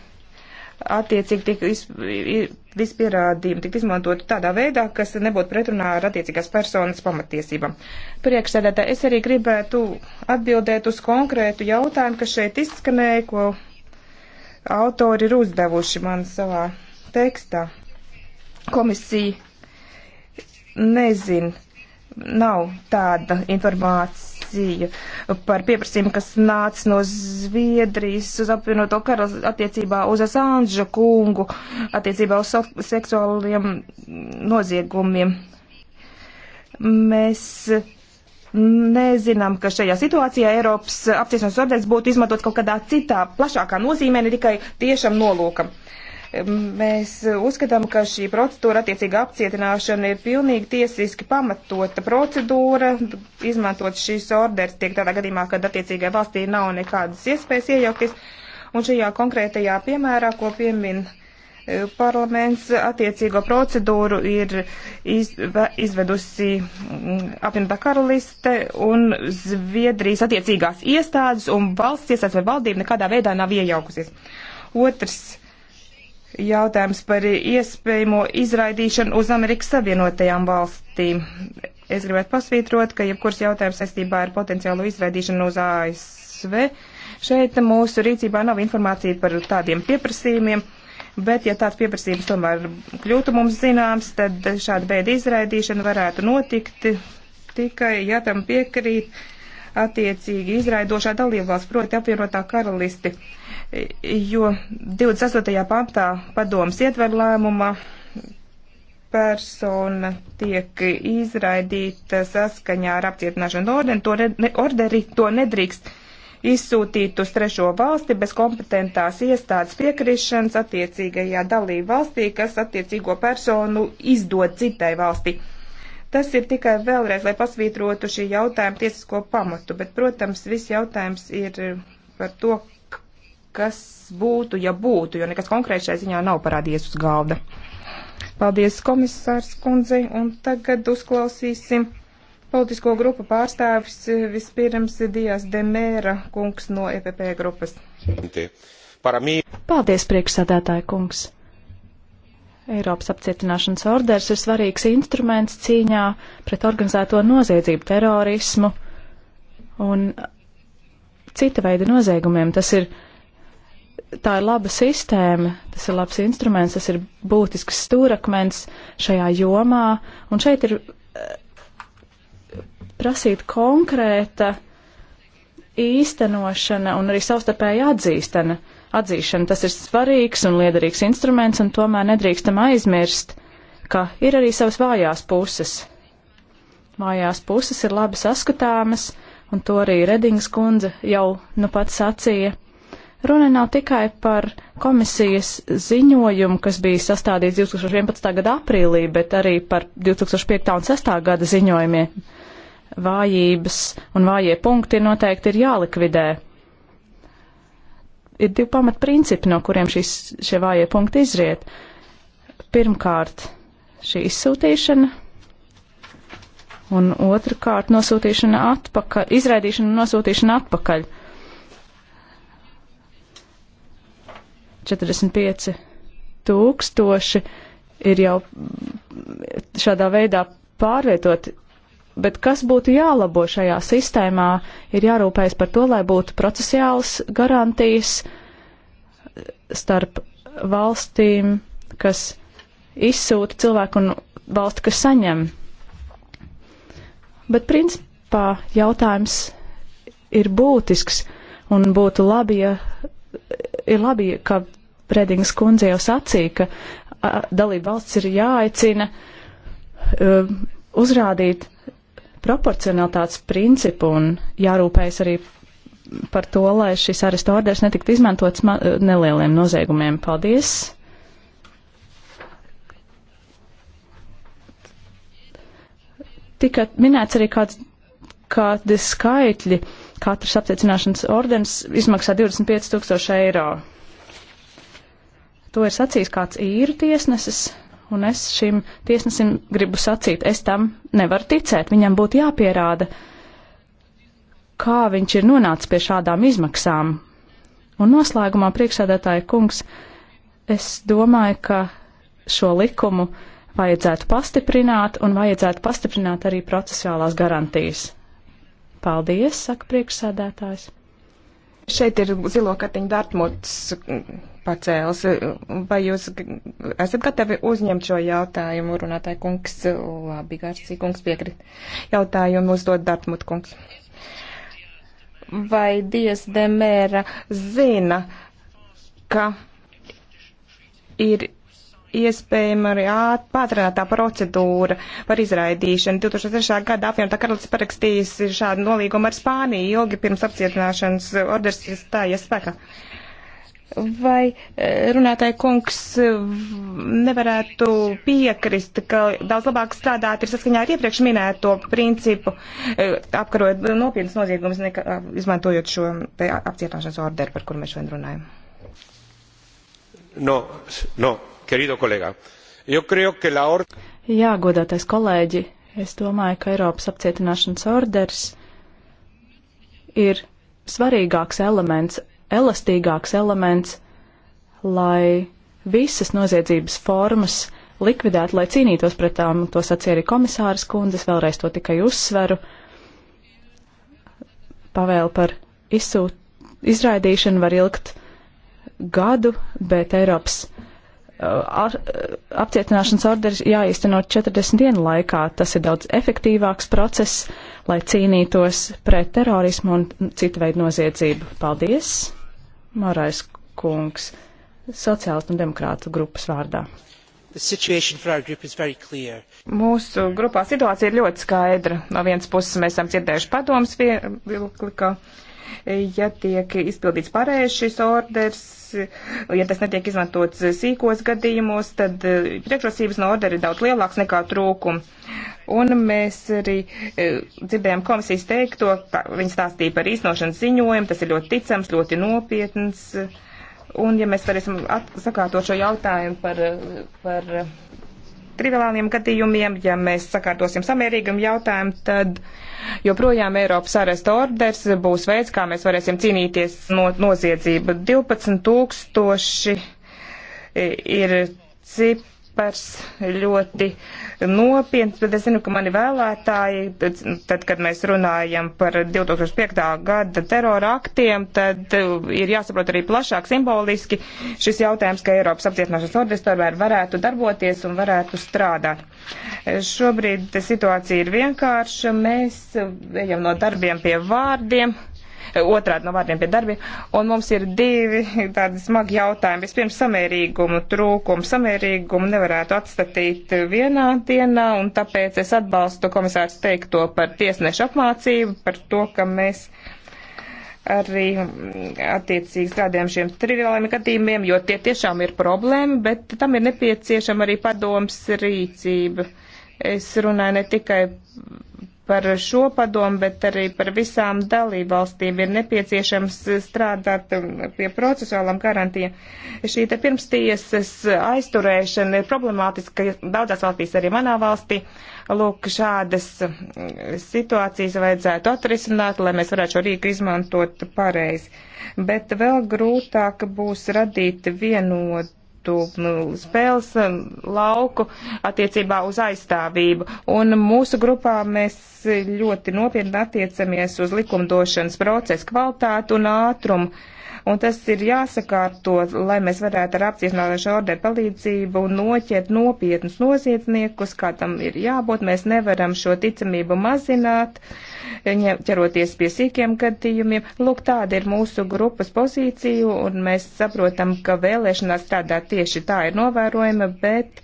[SPEAKER 5] attiecīgi tika visi pierādījumi tikt izmantoti tādā veidā, kas nebūtu pretrunā ar attiecīgās personas pamatiesībām. Priekšsēdētā es arī gribētu atbildēt uz konkrētu jautājumu, kas šeit izskanēja, ko autori ir uzdevuši man savā tekstā. Komisija nezin, nav tāda informācija reakciju par pieprasījumu, kas nāca no Zviedrijas uz apvienoto karali attiecībā uz Asanža kungu, attiecībā uz seksuāliem noziegumiem. Mēs nezinām, ka šajā situācijā Eiropas apciešanas ordens būtu izmantots kaut kādā citā, plašākā nozīmē, ne tikai tiešam nolūkam. Mēs uzskatām, ka šī procedūra attiecīga apcietināšana ir pilnīgi tiesiski pamatota procedūra. Izmantot šīs orders tiek tādā gadījumā, kad attiecīgai valstī nav nekādas iespējas iejaukties. Un šajā konkrētajā piemērā, ko piemin e, parlaments, attiecīgo procedūru ir izvedusi mm, apvienotā karaliste un Zviedrijas attiecīgās iestādes un valsts iestādes vai valdība nekādā veidā nav iejaukusies. Otrs jautājums par iespējamo izraidīšanu uz Amerikas Savienotajām valstīm. Es gribētu pasvītrot, ka jebkurs jautājums saistībā ar potenciālo izraidīšanu uz ASV šeit mūsu rīcībā nav informācija par tādiem pieprasījumiem. Bet, ja tāds pieprasījums tomēr kļūtu mums zināms, tad šāda veida izraidīšana varētu notikt tikai, ja tam piekrīt uh, attiecīgi izraidošā dalībvalsts, proti apvienotā karalisti, jo 28. pantā padomas ietver lēmumā persona tiek izraidīta saskaņā ar apcietināšanu ordeni, to, ne, orderi, to nedrīkst izsūtīt uz trešo valsti bez kompetentās iestādes piekrišanas attiecīgajā dalību valstī, kas attiecīgo personu izdod citai valstī. Tas ir tikai vēlreiz, lai pasvītrotu šī jautājuma tiesisko pamatu, bet, protams, viss jautājums ir par to, kas būtu, ja būtu, jo nekas konkrēts šai ziņā nav parādījies uz galda. Paldies, komisārs kundze, un tagad uzklausīsim politisko grupu pārstāvis vispirms Dijas
[SPEAKER 3] Demēra kungs no EPP grupas. Paldies, priekšsādātāja kungs. Eiropas apcietināšanas orders ir svarīgs instruments cīņā pret organizēto noziedzību, terorismu un cita veida noziegumiem. Tas ir, tā ir laba sistēma, tas ir labs instruments, tas ir būtisks stūrakmens šajā jomā, un šeit ir eh, prasīt konkrēta īstenošana un arī savstarpēja atzīstana. Uh, atzīšana. Tas ir svarīgs un liederīgs instruments, un tomēr nedrīkstam aizmirst, ka ir arī savas vājās puses. Vājās puses ir labi saskatāmas, un to arī Redings kundze jau nu pat sacīja. Runa nav tikai par komisijas ziņojumu, kas bija sastādīts 2011. gada aprīlī, bet arī par 2005. un 2006. gada ziņojumiem. Vājības un vājie punkti noteikti ir jālikvidē ir divi pamatprincipi, no kuriem šis, šie vājie punkti izriet. Pirmkārt, šī izsūtīšana, un otrkārt, nosūtīšana atpakaļ, izraidīšana un nosūtīšana atpakaļ. 45 tūkstoši ir jau šādā veidā pārvietoti Bet kas būtu jālabo šajā sistēmā, ir jārūpējas par to, lai būtu procesiāls garantijas starp valstīm, kas izsūta cilvēku un valsti, kas saņem. Bet principā jautājums ir būtisks un būtu labi, ja ir labi, ka Redingas kundze jau sacīja, ka dalība valsts ir jāaicina um, uzrādīt proporcionalitātes principu un jārūpējas arī par to, lai šis arestu orders netiktu izmantots nelieliem noziegumiem. Paldies! Tika minēts arī kāds, kādi skaitļi. Katrs apcietināšanas ordens izmaksā 25 tūkstoši eiro. To ir sacījis kāds īru tiesnesis, Un es šim tiesnesim gribu sacīt, es tam nevaru ticēt. Viņam būtu jāpierāda, kā viņš ir nonācis pie šādām izmaksām. Un noslēgumā priekšsēdētāja kungs, es domāju, ka šo likumu vajadzētu pastiprināt un vajadzētu pastiprināt arī procesuālās garantijas. Paldies, saka priekšsēdētājs. Šeit ir zilo kartiņu Dārtmuts pacēls.
[SPEAKER 5] Vai jūs esat gatavi uzņemt šo jautājumu, runātāji kungs? Labi, Garsī kungs piekrit. Jautājumu uzdod Dartmut kungs. Vai Dievs Demēra zina, ka ir iespējama arī pātrinātā procedūra par izraidīšanu. 2003. gada apvienotā karalists parakstījis šādu nolīgumu ar Spāniju ilgi pirms apcietināšanas orders stājies spēkā. Uh, Vai e, runātāja kungs e, nevarētu piekrist, ka daudz labāk strādāt ir saskaņā ar iepriekš minēto principu, e, apkarojot nopietnas noziegumus, nekā izmantojot šo apcietināšanas orderu, par kuru mēs šodien runājam?
[SPEAKER 3] No,
[SPEAKER 2] no, querido kolega. Yo creo que la or...
[SPEAKER 3] Jā, godātais kolēģi, es domāju, ka Eiropas apcietināšanas orders ir svarīgāks elements elastīgāks elements, lai visas noziedzības formas likvidētu, lai cīnītos pret tām. To sacīja arī komisāras kundzes, vēlreiz to tikai uzsveru. Pavēl par izsūt, izraidīšanu var ilgt gadu, bet Eiropas uh, ar, uh, apcietināšanas orders jāīsteno 40 dienu laikā. Tas ir daudz efektīvāks process, lai cīnītos pret terorismu un citu veidu noziedzību. Paldies! Marais kungs, sociālistu un demokrātu grupas vārdā. Mūsu grupā
[SPEAKER 5] situācija ir ļoti skaidra. No vienas puses mēs esam dzirdējuši padomus viedokli, ka, ja tiek izpildīts pareizi šis orders, ja tas netiek izmantots sīkos gadījumos, tad eh, priekšrocības no ordera ir daudz lielāks nekā trūkums. Un mēs arī eh, dzirdējām komisijas teikto, tā, viņi stāstīja par īstenošanas ziņojumu, tas ir ļoti ticams, ļoti nopietns. Un ja mēs varēsim sakārtot šo jautājumu par, eh, par triviāliem gadījumiem, ja mēs sakārtosim samērīgam jautājumu, tad joprojām Eiropas aresta orders būs veids, kā mēs varēsim cīnīties no noziedzību. 12 tūkstoši ir cip cipars ļoti nopietns, bet es zinu, ka mani vēlētāji, tad, kad mēs runājam par 2005. gada terora aktiem, tad ir jāsaprot arī plašāk simboliski šis jautājums, ka Eiropas apcietināšanas orders tomēr varētu darboties un varētu strādāt. Šobrīd situācija ir vienkārša, mēs ejam no darbiem pie vārdiem otrādi no vārdiem pie darbiem, un mums ir divi tādi smagi jautājumi. Vispirms samērīgumu trūkumu. Samērīgumu nevarētu atstatīt vienā dienā, un tāpēc es atbalstu komisārs teikto par tiesnešu apmācību, par to, ka mēs arī mm, attiecīgi strādājam šiem triviāliem gadījumiem, jo tie tiešām ir problēma, bet tam ir nepieciešama arī padoms rīcība. Es runāju ne tikai par šo padomu, bet arī par visām dalībvalstīm ir nepieciešams strādāt pie procesuālām garantijām. Šī te pirmstiesas aizturēšana ir problemātiska daudzās valstīs, arī manā valstī. Lūk, šādas situācijas vajadzētu atrisināt, lai mēs varētu šo rīku izmantot pareizi. Bet vēl grūtāk būs radīt vienotu konkrētu spēles lauku attiecībā uz aizstāvību. Un mūsu grupā mēs ļoti nopietni attiecamies uz likumdošanas procesu kvalitātu un ātrumu un tas ir jāsakārto, lai mēs varētu ar apcietinājušo orderu palīdzību noķert nopietnus noziedzniekus, kā tam ir jābūt. Mēs nevaram šo ticamību mazināt, ķeroties pie sīkiem gadījumiem. Lūk, tāda ir mūsu grupas pozīcija, un mēs saprotam, ka vēlēšanās strādāt tieši tā ir novērojama, bet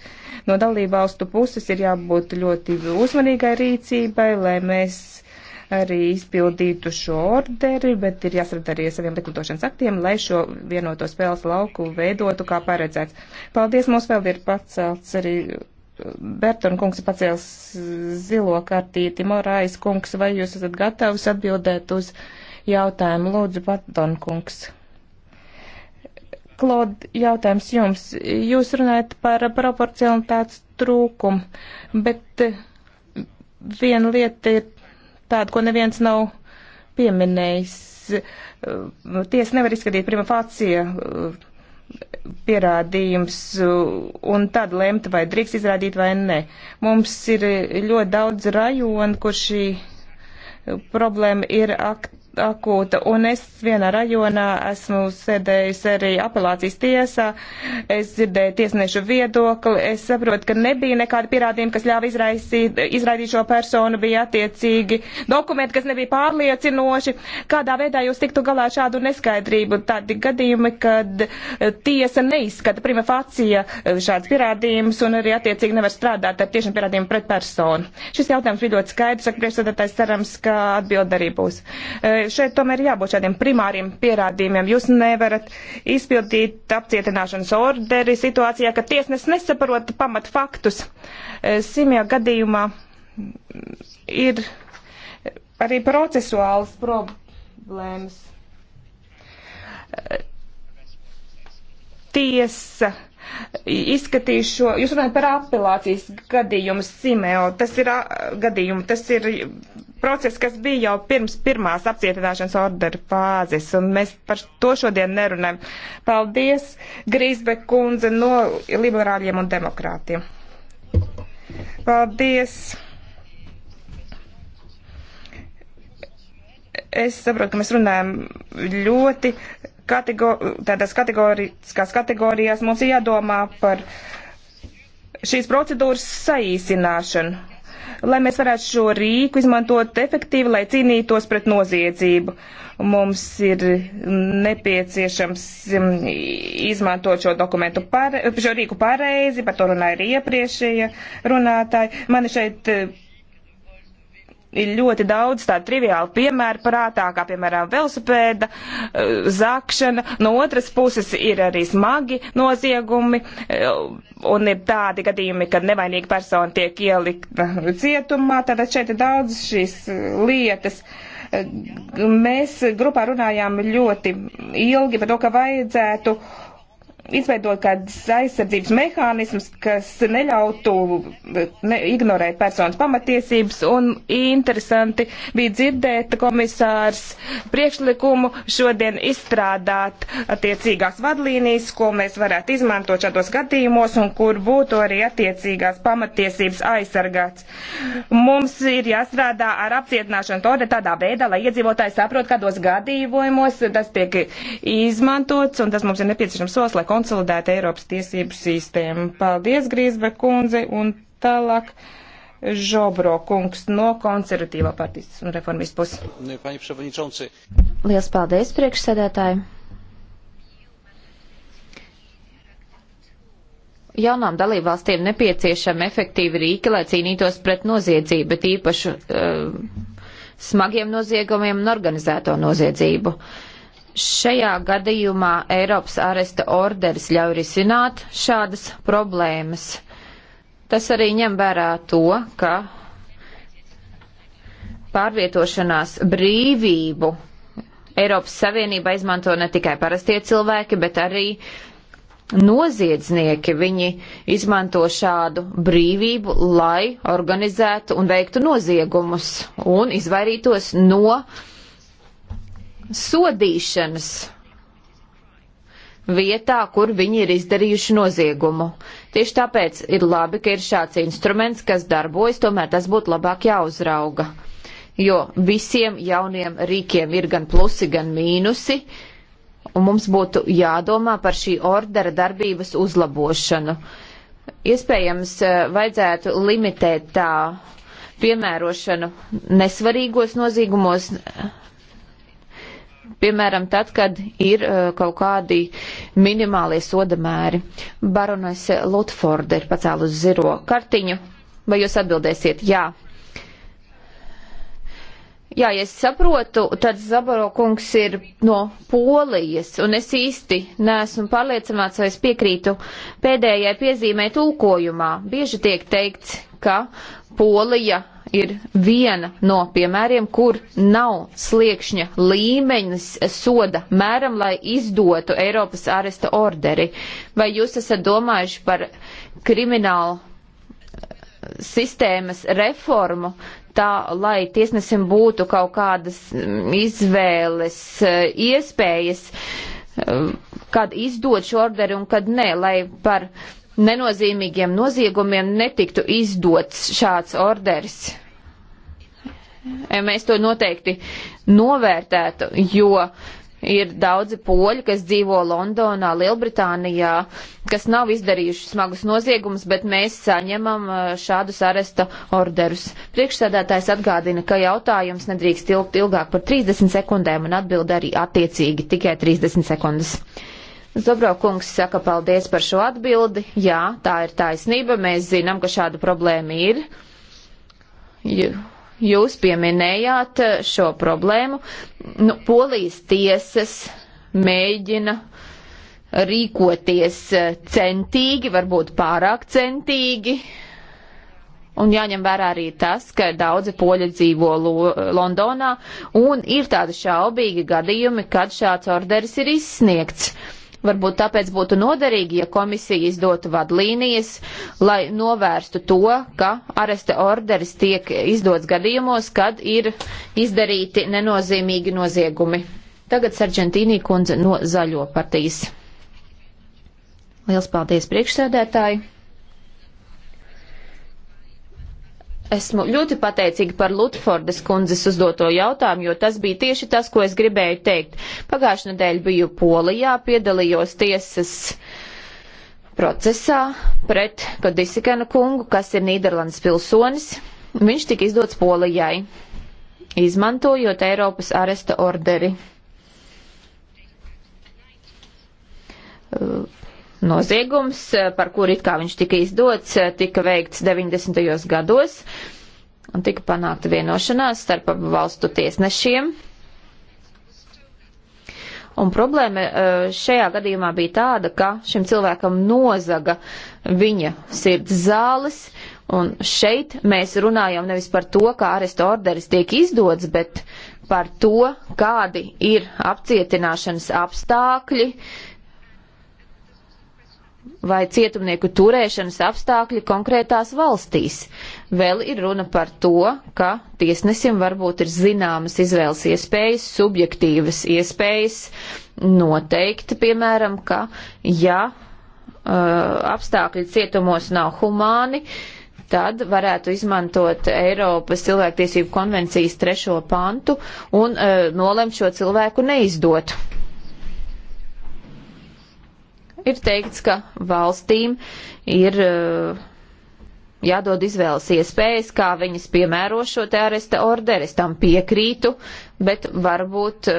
[SPEAKER 5] no dalībvalstu puses ir jābūt ļoti uzmanīgai rīcībai, lai mēs arī izpildītu šo orderi, bet ir jāstrādā arī saviem likumdošanas aktiem, lai šo vienoto spēles lauku veidotu kā paredzēts. Paldies, mums vēl ir pacelts arī Bertona kungs pacēls zilo kartīti, Morājas kungs, vai jūs esat gatavs atbildēt uz jautājumu? Lūdzu, Bertona kungs. Klod, jautājums jums. Jūs runājat par proporcionalitātes trūkumu, bet viena lieta ir tādu, ko neviens nav pieminējis. Tiesa nevar izskatīt prima facie eh, pierādījums eh, un tad lemt, vai drīkst izrādīt vai nē. Mums ir ļoti daudz rajonu, kur šī eh, problēma ir aktīva akūta, un es vienā rajonā esmu sēdējis arī apelācijas tiesā, es dzirdēju tiesnešu viedokli, es saprotu, ka nebija nekāda pierādījuma, kas ļāva izraisīt, izraidīt šo personu, bija attiecīgi dokumenti, kas nebija pārliecinoši. Kādā veidā jūs tiktu galā šādu neskaidrību? Tādi gadījumi, kad tiesa neizskata prima facija šāds pierādījums un arī attiecīgi nevar strādāt ar tiešiem pierādījumiem pret personu. Šis jautājums bija ļoti skaidrs, saka priekšsēdētājs cerams, ka atbild arī būs šeit tomēr ir jābūt šādiem primāriem pierādījumiem. Jūs nevarat izpildīt apcietināšanas orderi situācijā, ka tiesnes nesaprot pamat faktus. E, Simjā gadījumā ir arī procesuāls problēmas. Tiesa izskatīs šo, jūs runājat par apelācijas gadījumu Simeo, tas ir gadījumu, tas ir process, kas bija jau pirms pirmās apcietināšanas ordera fāzes, un mēs par to šodien nerunājam. Paldies, Grīsbek kundze no liberāļiem un demokrātiem. Paldies. Es saprotu, ka mēs runājam ļoti katego tādās kategoriskās kategorijās. Mums ir jādomā par šīs procedūras saīsināšanu lai mēs varētu šo rīku izmantot efektīvi, lai cīnītos pret noziedzību. Mums ir nepieciešams um, izmantot šo dokumentu, par, šo rīku pareizi, par to runāja arī iepriekšējie runātāji. Mani šeit ir ļoti daudz tādu triviālu piemēru prātā, kā piemēram velosipēda eh, zakšana. No otras puses ir arī smagi noziegumi eh, un ir tādi gadījumi, kad nevainīga persona tiek ielikta cietumā. Tātad šeit ir daudz šīs eh, lietas. Mēs grupā runājām ļoti ilgi par to, ka vajadzētu uh, izveidot kādas aizsardzības mehānismus, kas neļautu ne, ignorēt personas pamatiesības, un interesanti bija dzirdēt komisārs priekšlikumu šodien izstrādāt attiecīgās vadlīnijas, ko mēs varētu izmantot šādos gadījumos, un kur būtu arī attiecīgās pamatiesības aizsargāts. Mums ir jāstrādā ar apcietināšanu to tādā veidā, lai iedzīvotāji saprot, kādos gadījumos tas tiek izmantots, un tas mums ir nepieciešams solis, lai konsolidēta Eiropas tiesību sistēma. Paldies, Grīzbe kundze, un tālāk Žobro kungs no konservatīvā partijas un reformijas puses. Lielas
[SPEAKER 6] paldies, priekšsēdētāji! jaunām dalībvalstīm nepieciešami efektīvi rīki, lai cīnītos pret noziedzību, bet īpaši uh, eh, smagiem noziegumiem un organizēto noziedzību. Šajā gadījumā Eiropas aresta orders ļauj risināt šādas problēmas. Tas arī ņem vērā to, ka pārvietošanās brīvību Eiropas Savienība izmanto ne tikai parastie cilvēki, bet arī noziedznieki. Viņi izmanto šādu brīvību, lai organizētu un veiktu noziegumus un izvairītos no uh, sodīšanas vietā, kur viņi ir izdarījuši noziegumu. Tieši tāpēc ir labi, ka ir šāds instruments, kas darbojas, tomēr tas būtu labāk jāuzrauga. Jo visiem jauniem rīkiem ir gan plusi, gan mīnusi, un mums būtu jādomā par šī ordera darbības uzlabošanu. Iespējams, eh, vajadzētu limitēt tā piemērošanu nesvarīgos nozīgumos, piemēram, tad, kad ir uh, kaut kādi minimālie soda mēri. Baronais Lutforda ir pacēlus ziro kartiņu. Vai jūs atbildēsiet? Jā. Jā, ja es saprotu, tad Zabaro kungs ir no Polijas, un es īsti neesmu pārliecināts, vai es piekrītu pēdējai piezīmē tulkojumā. Bieži tiek teikts, ka Polija ir viena no piemēriem, kur nav sliekšņa līmeņas soda mēram, lai izdotu Eiropas aresta orderi. Vai jūs esat domājuši par kriminālu eh, sistēmas reformu, tā lai tiesnesim būtu kaut kādas mm, izvēles eh, iespējas,
[SPEAKER 1] eh,
[SPEAKER 6] kad izdot šo orderi un kad nē, lai par uh, nenozīmīgiem noziegumiem netiktu izdots šāds orders. Mēs to noteikti novērtētu, jo ir daudzi poļi, kas dzīvo Londonā, Lielbritānijā, kas nav izdarījuši smagus noziegumus, bet mēs saņemam uh, šādus aresta orderus. Priekšsēdētājs atgādina, ka jautājums nedrīkst ilgt ilgāk par 30 sekundēm un atbild arī attiecīgi tikai 30 sekundes. Zobrokungs saka paldies par šo atbildi. Jā, tā ir taisnība. Mēs zinām, ka šāda problēma ir. Jūs pieminējāt eh, šo problēmu. Nu, polijas tiesas mēģina rīkoties eh, centīgi, varbūt pārāk centīgi. Un jāņem vērā arī tas, ka daudzi poļi dzīvo Lo Londonā un ir tādi šaubīgi gadījumi, kad šāds orders ir izsniegts. Uh, Varbūt tāpēc būtu noderīgi, ja komisija izdotu vadlīnijas, lai novērstu to, ka aresta orderis tiek izdots gadījumos, kad ir izdarīti nenozīmīgi noziegumi. Tagad Sargentīnī kundze no Zaļo partijas. Liels paldies
[SPEAKER 1] priekšsēdētāji!
[SPEAKER 6] Esmu ļoti pateicīga par Lutfordas kundzes uzdoto jautājumu, jo tas bija tieši tas, ko es gribēju teikt. Pagājušajā nedēļā biju Polijā, piedalījos tiesas procesā pret Kodisikana kungu, kas ir Nīderlandes pilsonis. Viņš tika izdots Polijai, izmantojot Eiropas aresta orderi. Uh, noziegums, par kur it kā viņš tika izdots, tika veikts 90. gados un tika panākta vienošanās starp valstu tiesnešiem. Un problēma e, šajā gadījumā bija tāda, ka šim cilvēkam nozaga viņa sirds zāles, un šeit mēs runājam nevis par to, kā arestu orderis tiek izdots, bet par to, kādi ir apcietināšanas apstākļi, uh, vai cietumnieku turēšanas apstākļi konkrētās valstīs. Vēl ir runa par to, ka tiesnesim varbūt ir zināmas izvēles iespējas, subjektīvas iespējas noteikt, piemēram, ka ja uh, apstākļi cietumos nav humāni, tad varētu izmantot Eiropas cilvēktiesību konvencijas trešo pantu un uh, nolemt šo cilvēku neizdot ir teikts, ka valstīm ir eh, jādod izvēles iespējas, kā viņas piemēro šo te aresta orderi. Es tam piekrītu, bet varbūt eh,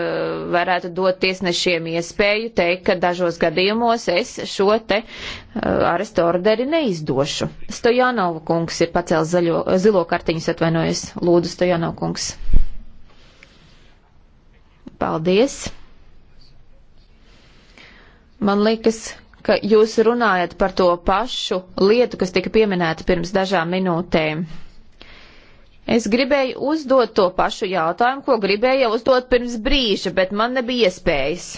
[SPEAKER 6] varētu dot tiesnešiem iespēju teikt, ka dažos gadījumos es šo te eh, aresta orderi neizdošu. Stojanova kungs ir pacēlis zaļo, zilo kartiņu, atvainojos. Lūdzu, Stojanova kungs. Paldies! Man liekas, ka jūs runājat par to pašu lietu, kas tika pieminēta pirms dažām minūtēm. Es gribēju uzdot to pašu jautājumu, ko gribēju jau uzdot pirms brīža, bet man nebija iespējas.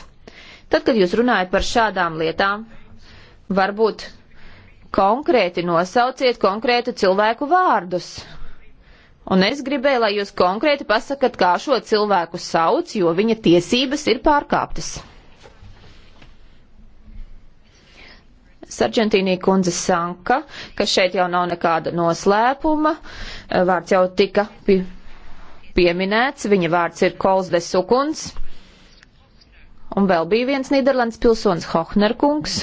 [SPEAKER 6] Tad, kad jūs runājat par šādām lietām, varbūt konkrēti nosauciet konkrētu cilvēku vārdus. Un es gribēju, lai jūs konkrēti pasakat, kā šo cilvēku sauc, jo viņa tiesības ir pārkāptas. Sargentīnī kundze sanka, ka šeit jau nav nekāda noslēpuma, eh, vārds jau tika pieminēts, viņa vārds ir Kols de Sukuns, un vēl bija viens Nīderlandes pilsonis Hohner kungs.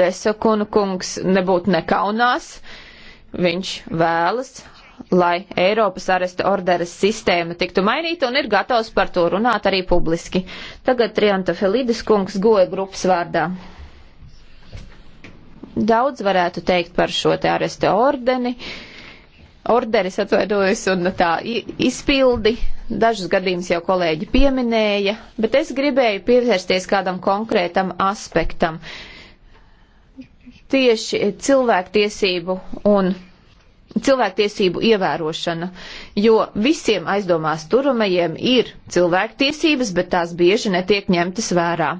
[SPEAKER 6] Desakunu kungs nebūtu nekaunās, viņš vēlas lai Eiropas aresta orderes sistēma tiktu mainīta un ir gatavs par to runāt arī publiski. Tagad Trianta Felidis kungs goja grupas vārdā. Daudz varētu teikt par šo te aresta ordeni, orderis atvainojas un tā izpildi. Dažus gadījumus jau kolēģi pieminēja, bet es gribēju pievērsties kādam konkrētam aspektam. Tieši cilvēktiesību un cilvēktiesību ievērošana, jo visiem aizdomās turumajiem ir cilvēktiesības, bet tās bieži netiek ņemtas vērā.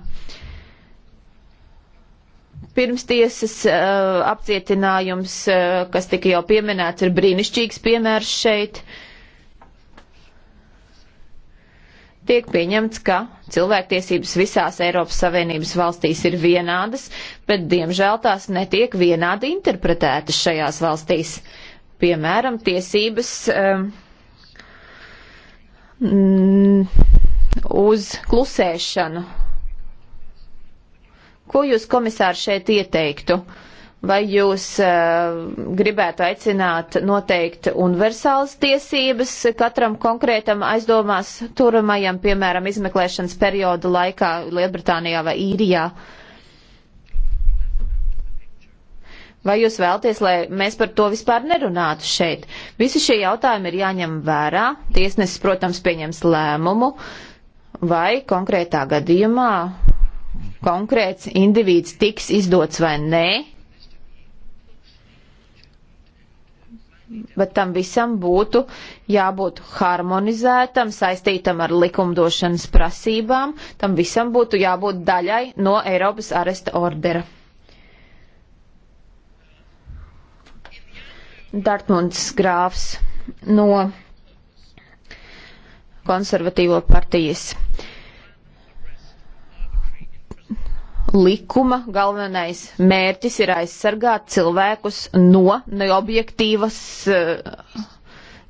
[SPEAKER 6] Pirmstiesas uh, apcietinājums, uh, kas tika jau pieminēts, ir brīnišķīgs piemērs šeit. Tiek pieņemts, ka cilvēktiesības visās Eiropas Savienības valstīs ir vienādas, bet diemžēl tās netiek vienādi interpretētas šajās valstīs. Uh, piemēram, tiesības um, uz klusēšanu. Ko jūs, komisāri, šeit ieteiktu? Vai jūs uh, gribētu aicināt noteikti universālas tiesības katram konkrētam aizdomās turamajam, piemēram, izmeklēšanas periodu laikā Lielbritānijā vai Īrijā? Uh, Vai jūs vēlties, lai mēs par to vispār nerunātu šeit? Visi šie jautājumi ir jāņem vērā. Tiesnesis, protams, pieņems lēmumu, vai konkrētā gadījumā konkrēts indivīds tiks izdots vai nē. Bet tam visam būtu jābūt harmonizētam, saistītam ar likumdošanas prasībām. Tam visam būtu jābūt daļai no Eiropas aresta ordera. Dartmunds grāfs no konservatīvo partijas likuma galvenais mērķis ir aizsargāt cilvēkus no neobjektīvas.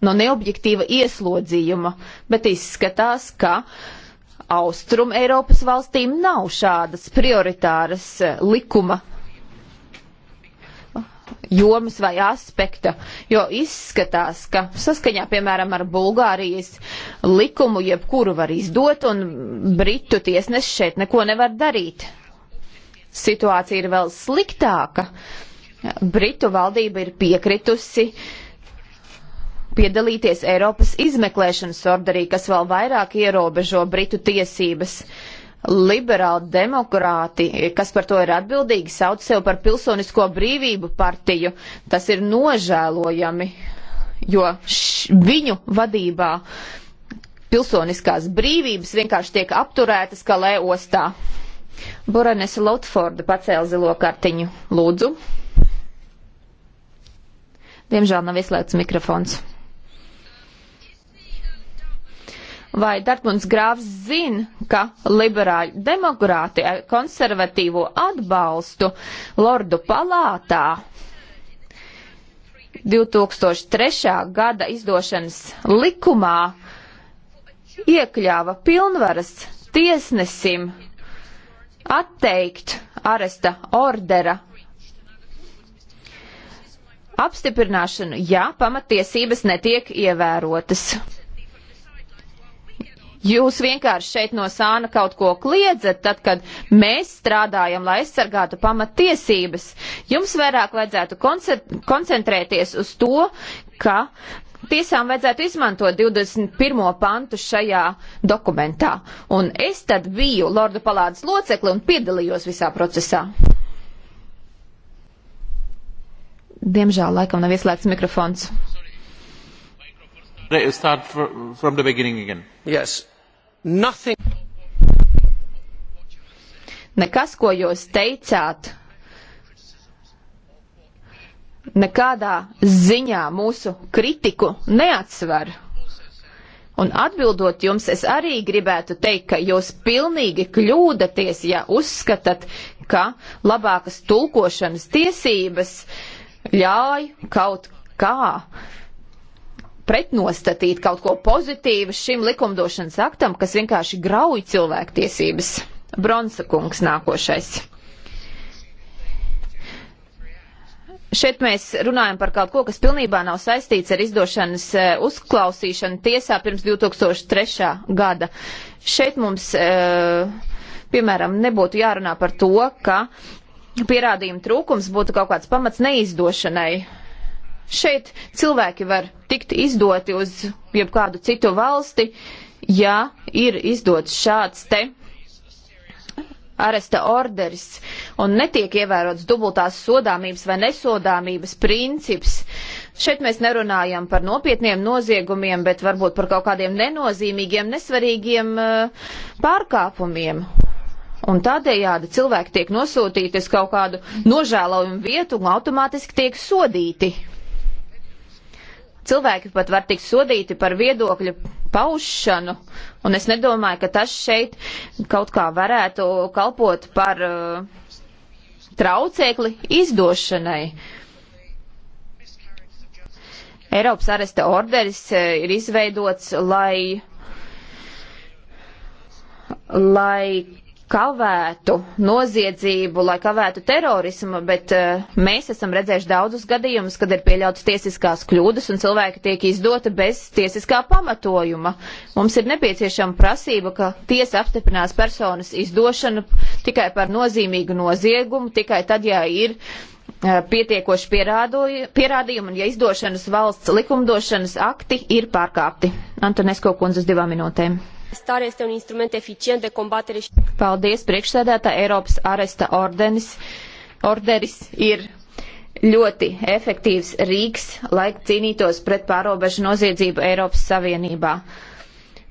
[SPEAKER 6] No neobjektīva ieslodzījuma, bet izskatās, ka Austrum Eiropas valstīm nav šādas prioritāras likuma jomas vai aspekta, jo izskatās, ka saskaņā, piemēram, ar Bulgārijas likumu jebkuru var izdot, un Britu tiesnesis šeit neko nevar darīt. Situācija ir vēl sliktāka. Britu valdība ir piekritusi piedalīties Eiropas izmeklēšanas orderī, kas vēl vairāk ierobežo Britu tiesības. Uh, liberāli demokrāti, kas par to ir atbildīgi, sauc sev par pilsonisko brīvību partiju. Tas ir nožēlojami, jo š, viņu vadībā pilsoniskās brīvības vienkārši tiek apturētas kalē ostā. Boranes Lotforda pacēla zilo kartiņu. Lūdzu. Diemžēl nav ieslēgts mikrofons. vai Dartmunds grāfs zina, ka liberāļu demokrāti ar konservatīvo atbalstu Lordu palātā 2003. gada izdošanas likumā iekļāva pilnvaras tiesnesim atteikt aresta ordera apstiprināšanu, ja pamatiesības netiek ievērotas. Jūs vienkārši šeit no sāna kaut ko kliedzat, tad, kad mēs strādājam, lai aizsargātu pamatiesības. Jums vairāk vajadzētu koncentrēties uz to, ka tiesām vajadzētu izmantot 21. pantu šajā dokumentā. Un es tad biju Lordu palādes locekli un piedalījos visā procesā. Diemžēl laikam nav ieslēgts mikrofons.
[SPEAKER 2] Start from the beginning again.
[SPEAKER 4] Yes. Nothing.
[SPEAKER 6] Nekas, ko jūs teicāt, nekādā ziņā mūsu kritiku neatsver. Un atbildot jums, es arī gribētu teikt, ka jūs pilnīgi kļūdaties, ja uzskatat, ka labākas tulkošanas tiesības ļauj kaut kā pretnostatīt kaut ko pozitīvu šim likumdošanas aktam, kas vienkārši grauj cilvēktiesības. Bronsa kungs nākošais. Šeit mēs runājam par kaut ko, kas pilnībā nav saistīts ar izdošanas eh, uzklausīšanu tiesā pirms 2003. gada. Šeit mums, eh, piemēram, nebūtu jārunā par to, ka pierādījuma trūkums būtu kaut kāds pamats neizdošanai šeit cilvēki var tikt izdoti uz jebkādu citu valsti, ja ir izdots šāds te aresta orders un netiek ievērots dubultās sodāmības vai nesodāmības princips. Šeit mēs nerunājam par nopietniem noziegumiem, bet varbūt par kaut kādiem nenozīmīgiem, nesvarīgiem uh, pārkāpumiem. Un tādējādi cilvēki tiek nosūtīti uz kaut kādu nožēlojumu vietu un automātiski tiek sodīti cilvēki pat var tikt sodīti par viedokļu paušanu, un es nedomāju, ka tas šeit kaut kā varētu kalpot par uh, traucēkli izdošanai. Eiropas aresta orderis uh, ir izveidots, lai, lai kavētu noziedzību, lai kavētu terorismu, bet uh, mēs esam redzējuši daudzus gadījumus, kad ir pieļautas tiesiskās kļūdas un cilvēki tiek izdota bez tiesiskā pamatojuma. Mums ir nepieciešama prasība, ka tiesa apstiprinās personas izdošanu tikai par nozīmīgu noziegumu, tikai tad, ja ir uh, pietiekoši pierādījumi un ja izdošanas valsts likumdošanas akti ir pārkāpti. Antonesko kundzes divām minūtēm. Arestarea este un instrument eficient de combatere. Paldies, priekšsēdētā Eiropas aresta ordenis. Orderis ir ļoti efektīvs rīks, lai cīnītos pret pārobežu noziedzību Eiropas Savienībā.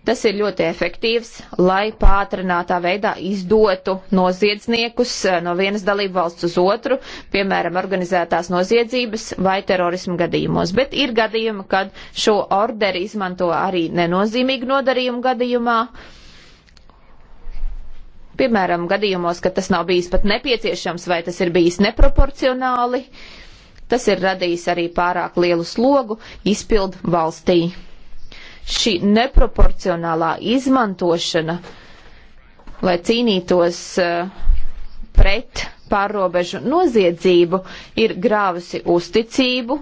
[SPEAKER 6] Tas ir ļoti efektīvs, lai pātrinātā veidā izdotu noziedzniekus eh, no vienas dalību valsts uz otru, piemēram, organizētās noziedzības vai terorismu gadījumos. Bet ir gadījumi, kad šo orderi izmanto arī nenozīmīgu nodarījumu gadījumā. Piemēram, gadījumos, kad tas nav bijis pat nepieciešams vai tas ir bijis neproporcionāli, tas ir radījis arī pārāk lielu slogu izpildu valstī šī neproporcionālā izmantošana, lai cīnītos eh, pret pārrobežu noziedzību, ir grāvusi uzticību,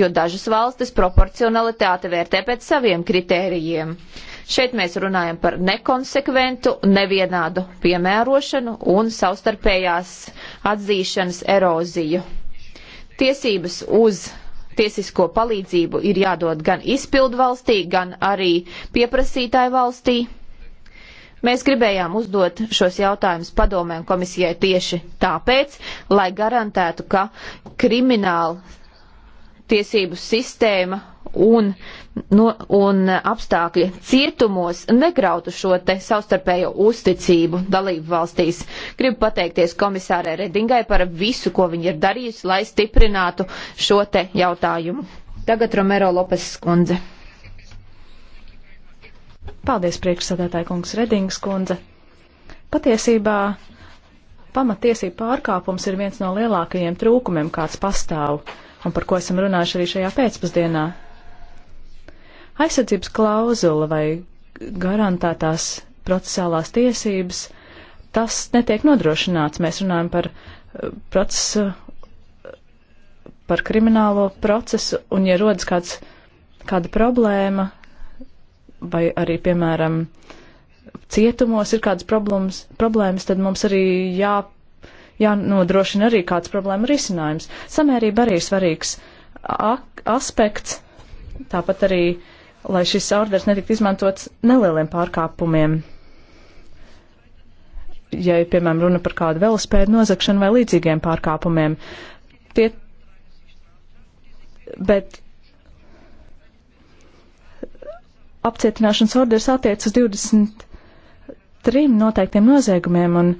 [SPEAKER 6] jo dažas valstis proporcionalitāte vērtē pēc saviem kritērijiem. Šeit mēs runājam par nekonsekventu, nevienādu piemērošanu un savstarpējās atzīšanas eroziju. Tiesības uz tiesisko palīdzību ir jādod gan izpildu valstī, gan arī pieprasītāju valstī. Mēs gribējām uzdot šos jautājumus padomēm komisijai tieši tāpēc, lai garantētu, ka krimināla tiesību sistēma un, no, un apstākļi cietumos negrautu šo te savstarpējo uzticību dalību valstīs. Gribu pateikties komisārai Redingai par visu, ko viņa ir darījusi, lai stiprinātu šo te jautājumu. Tagad Romero Lopes skundze.
[SPEAKER 3] Paldies, priekšsādātāja kungs Redings kundze. Patiesībā pamatiesība pārkāpums ir viens no lielākajiem trūkumiem, kāds pastāv un par ko esam runājuši arī šajā pēcpusdienā. Aizsardzības klauzula vai garantētās procesālās tiesības, tas netiek nodrošināts. Mēs runājam par eh, procesu, par kriminālo procesu, un ja rodas kāds, kāda problēma, vai arī, piemēram, cietumos ir kādas problēmas, problēmas tad mums arī jā, jānodrošina arī kāds problēma risinājums. Samērība arī ir svarīgs aspekts, tāpat arī uh, lai šis orders netiktu izmantots nelieliem pārkāpumiem. Ja ir, piemēram, runa par kādu velospēdu nozagšanu vai līdzīgiem pārkāpumiem, tie, bet apcietināšanas orders attiec uz 23 noteiktiem noziegumiem, un,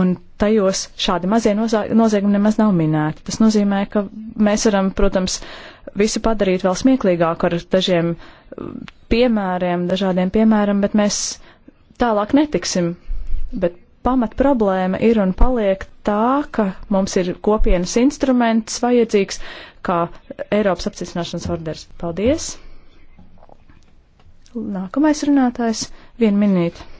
[SPEAKER 3] un tajos šādi mazie noziegumi nemaz nav minēti. Tas nozīmē, ka mēs varam, protams, uh, visu padarīt vēl smieklīgāku ar dažiem um, piemēriem, dažādiem piemēram, bet mēs tālāk netiksim. Bet pamat problēma ir un paliek tā, ka mums ir kopienas instruments vajadzīgs, kā Eiropas apcietināšanas orders. Paldies! Nākamais runātājs - vienu minūti.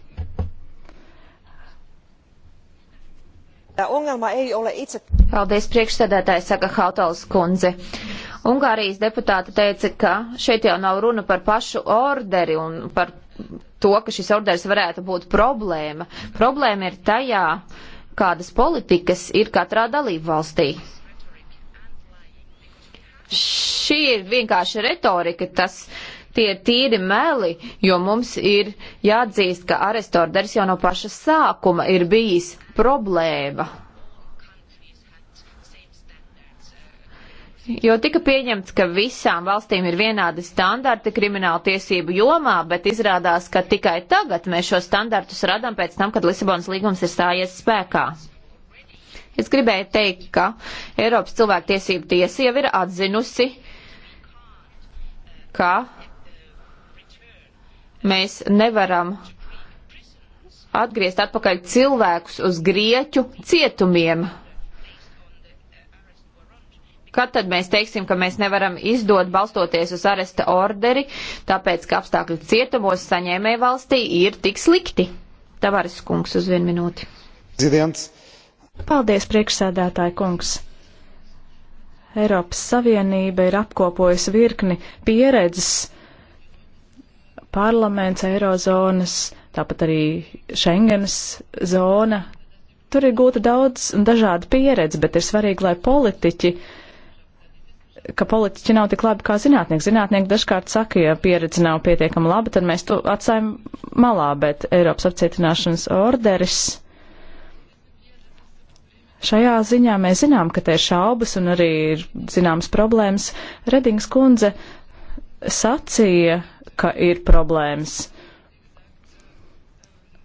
[SPEAKER 3] Paldies, priekšsēdētāji,
[SPEAKER 6] saka Hautals kundze. Ungārijas deputāte teica, ka šeit jau nav runa par pašu orderi un par to, ka šis orders varētu būt problēma. Problēma ir tajā, kādas politikas ir katrā dalību valstī. Šī ir vienkārši retorika, tas tie ir tīri meli, jo mums ir jāatzīst, ka arestorders jau no paša sākuma ir bijis problēma. Jo tika pieņemts, ka visām valstīm ir vienādi standarti krimināla tiesību jomā, bet izrādās, ka tikai tagad mēs šo standartus radām pēc tam, kad Lisabonas līgums ir stājies spēkā. Es gribēju teikt, ka Eiropas cilvēktiesību tiesa jau ir atzinusi, ka mēs nevaram atgriezt atpakaļ cilvēkus uz grieķu cietumiem, Kad tad mēs teiksim, ka mēs nevaram izdot balstoties uz aresta orderi, tāpēc, ka apstākļi cietumos saņēmē valstī ir tik slikti? Tavares
[SPEAKER 3] kungs uz vienu minūti. Zidiens. Paldies, priekšsēdētāji kungs. Eiropas Savienība ir apkopojusi virkni pieredzes parlaments, eirozonas, tāpat arī Schengenas zona. Tur ir gūta daudz un dažāda pieredze, bet ir svarīgi, lai politiķi uh, ka politiķi nav tik labi kā zinātnieki. Zinātnieki dažkārt saka, ja pieredze nav pietiekama laba, tad mēs to atstājam malā, bet Eiropas apcietināšanas orderis. Šajā ziņā mēs zinām, ka te ir šaubas un arī ir zināmas problēmas. Redings kundze sacīja, ka ir problēmas.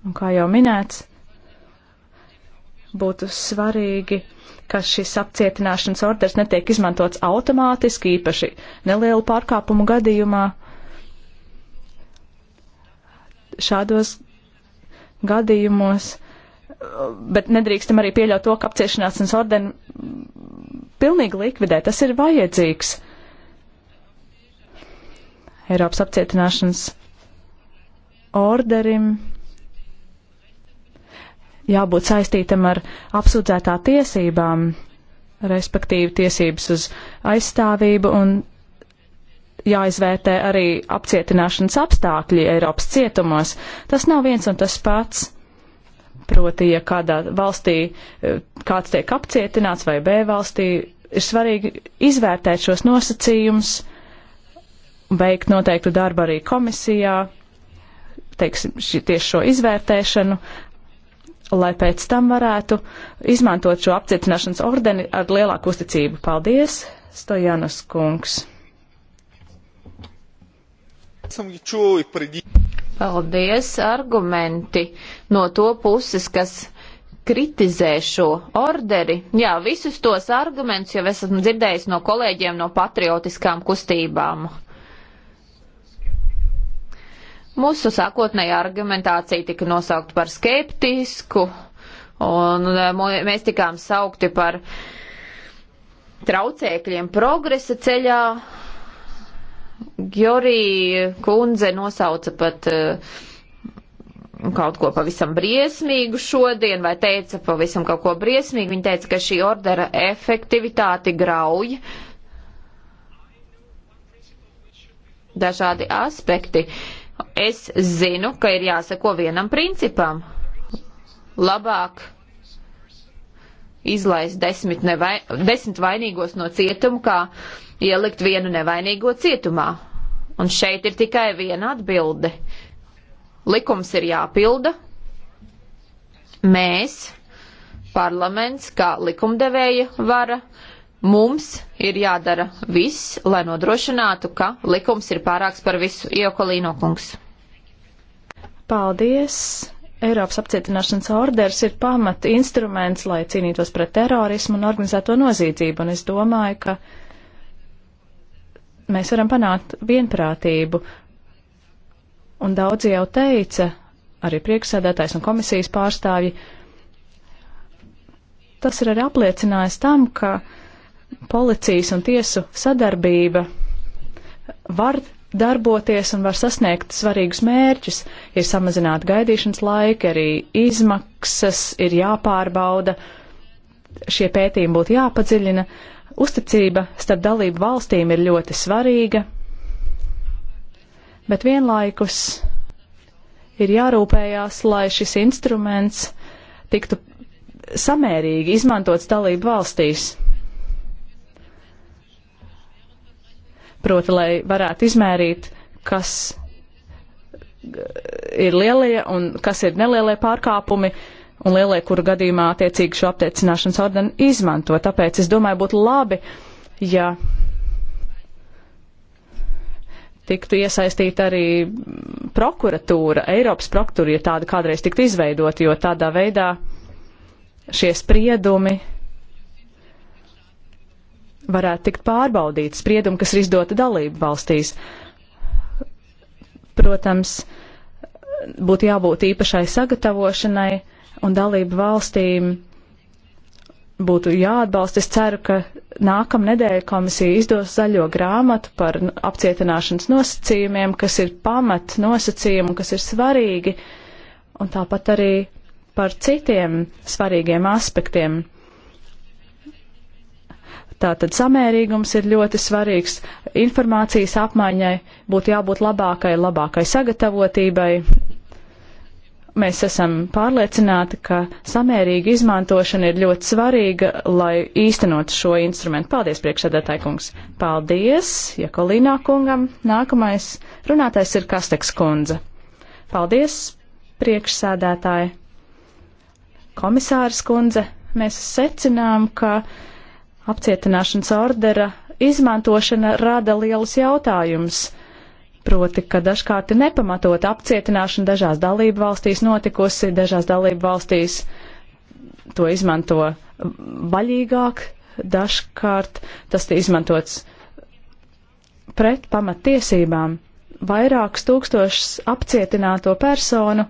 [SPEAKER 3] Un kā jau minēts, būtu svarīgi ka šis apcietināšanas orders netiek izmantots automātiski, īpaši nelielu pārkāpumu gadījumā. Šādos gadījumos, bet nedrīkstam arī pieļaut to, ka apcietināšanas ordeni pilnīgi likvidē. Tas ir vajadzīgs. Eiropas apcietināšanas orderim jābūt saistītam ar apsūdzētā tiesībām, respektīvi tiesības uz aizstāvību un jāizvērtē arī apcietināšanas apstākļi Eiropas cietumos. Tas nav viens un tas pats. Proti, ja kādā valstī eh, kāds tiek apcietināts vai B valstī, ir svarīgi izvērtēt šos nosacījumus, veikt noteiktu darbu arī komisijā, teiksim, tieši šo izvērtēšanu, lai pēc tam varētu izmantot šo apcietināšanas ordeni ar lielāku uzticību. Paldies, Stojanas kungs!
[SPEAKER 6] Paldies! Argumenti no to puses, kas kritizē šo orderi. Jā, visus tos argumentus jau esmu dzirdējis no kolēģiem no patriotiskām kustībām. Mūsu sākotnējā argumentācija tika nosaukt par skeptisku, un e, mēs tikām saukti par traucēkļiem progresa ceļā. Gjorī kundze nosauca pat uh, kaut ko pavisam briesmīgu šodien, vai teica pavisam kaut ko briesmīgu. Viņa teica, ka šī ordera efektivitāti grauj dažādi aspekti. Uh, Es zinu, ka ir jāseko vienam principam. Labāk izlaist desmit, nevai, desmit vainīgos no cietuma, kā ielikt vienu nevainīgo cietumā. Un šeit ir tikai viena atbilde. Likums ir jāpilda. Mēs, parlaments, kā likumdevēja vara, uh, Mums ir jādara viss, lai nodrošinātu, ka likums ir pārāks par visu. Iekolīno kungs.
[SPEAKER 3] Paldies! Eiropas apcietināšanas orders ir pamat instruments, lai cīnītos pret terorismu un organizēto noziedzību, un es domāju, ka mēs varam panākt vienprātību. Un daudzi jau teica, arī priekšsēdētājs un komisijas pārstāvji, tas ir arī apliecinājis tam, ka uh, policijas un tiesu sadarbība var darboties un var sasniegt svarīgus mērķus. Ir samazināta gaidīšanas laika, arī izmaksas ir jāpārbauda, šie pētījumi būtu jāpadziļina. Uzticība starp dalību valstīm ir ļoti svarīga, bet vienlaikus ir jārūpējās, lai šis instruments tiktu samērīgi izmantots dalību valstīs proti, lai varētu izmērīt, kas ir lielie un kas ir nelielie pārkāpumi un lielie, kuru gadījumā attiecīgi šo aptiecināšanas ordeni izmanto. Tāpēc es domāju, būtu labi, ja tiktu iesaistīta arī prokuratūra, Eiropas prokuratūra, ja tāda kādreiz tiktu izveidota, jo tādā veidā šie spriedumi varētu tikt pārbaudīti spriedumi, kas ir izdota dalību valstīs. Protams, būtu jābūt īpašai sagatavošanai un dalību valstīm būtu jāatbalsta. Es ceru, ka nākamā nedēļa komisija izdos zaļo grāmatu par apcietināšanas nosacījumiem, kas ir pamat nosacījumi un kas ir svarīgi, un tāpat arī par citiem svarīgiem aspektiem. Tātad samērīgums ir ļoti svarīgs. Informācijas apmaiņai būtu jābūt labākai, labākai sagatavotībai. Mēs esam pārliecināti, ka samērīga izmantošana ir ļoti svarīga, lai īstenot šo instrumentu. Paldies, priekšsēdētāji kungs. Paldies, Jakolīnā kungam. Nākamais runātais ir Kasteks kundze. Paldies, priekšsēdētāji. Komisārs kundze, mēs secinām, ka apcietināšanas ordera izmantošana rada lielus jautājumus. Proti, ka dažkārt ir nepamatot apcietināšana dažās dalību valstīs notikusi, dažās dalību valstīs to izmanto vaļīgāk, dažkārt tas ir izmantots pret pamattiesībām. Vairākus tūkstošus apcietināto personu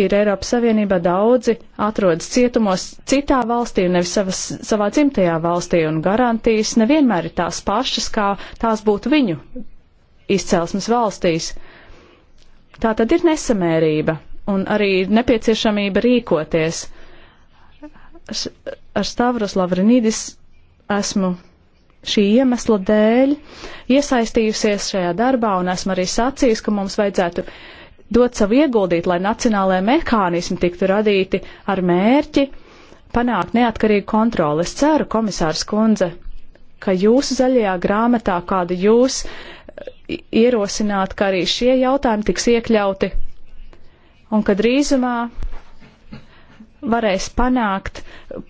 [SPEAKER 3] ir Eiropas Savienībā daudzi atrodas cietumos citā valstī, nevis savas, savā dzimtajā valstī, un garantijas nevienmēr ir tās pašas, kā tās būtu viņu izcelsmes valstīs. Tā tad ir nesamērība un arī nepieciešamība rīkoties. Ar Stavros Lavrinīdis esmu šī iemesla dēļ iesaistījusies šajā darbā un esmu arī sacījis, ka mums vajadzētu uh, dot savu ieguldīt, lai nacionālajie mehānismi tiktu radīti ar mērķi panākt neatkarīgu kontroli. Es ceru, komisārs kundze, ka jūsu zaļajā grāmatā, kādu jūs eh, ierosināt, ka arī šie jautājumi tiks iekļauti un ka drīzumā varēs panākt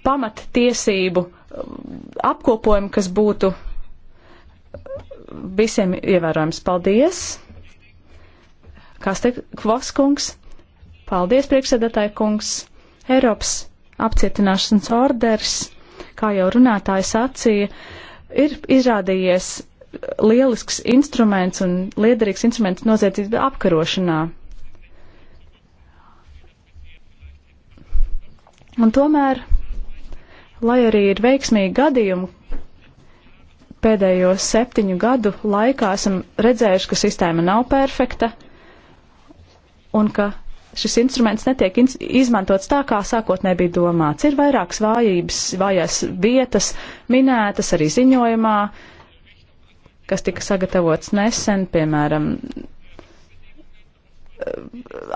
[SPEAKER 3] pamattiesību eh, apkopojumu, kas būtu visiem ievērojams. Paldies! Kas te kvoskungs? Paldies, priekšsēdētāji kungs! Eiropas apcietināšanas orders, kā jau runātāja sacīja, ir izrādījies lielisks instruments un liederīgs instruments noziedzības apkarošanā. Un tomēr, lai arī ir veiksmīgi gadījumi, pēdējo septiņu gadu laikā esam redzējuši, ka sistēma nav perfekta, un ka šis instruments netiek in izmantots tā, kā sākotnēji bija domāts. Ir vairākas vājības, vājās vietas minētas arī ziņojumā, kas tika sagatavots nesen, piemēram,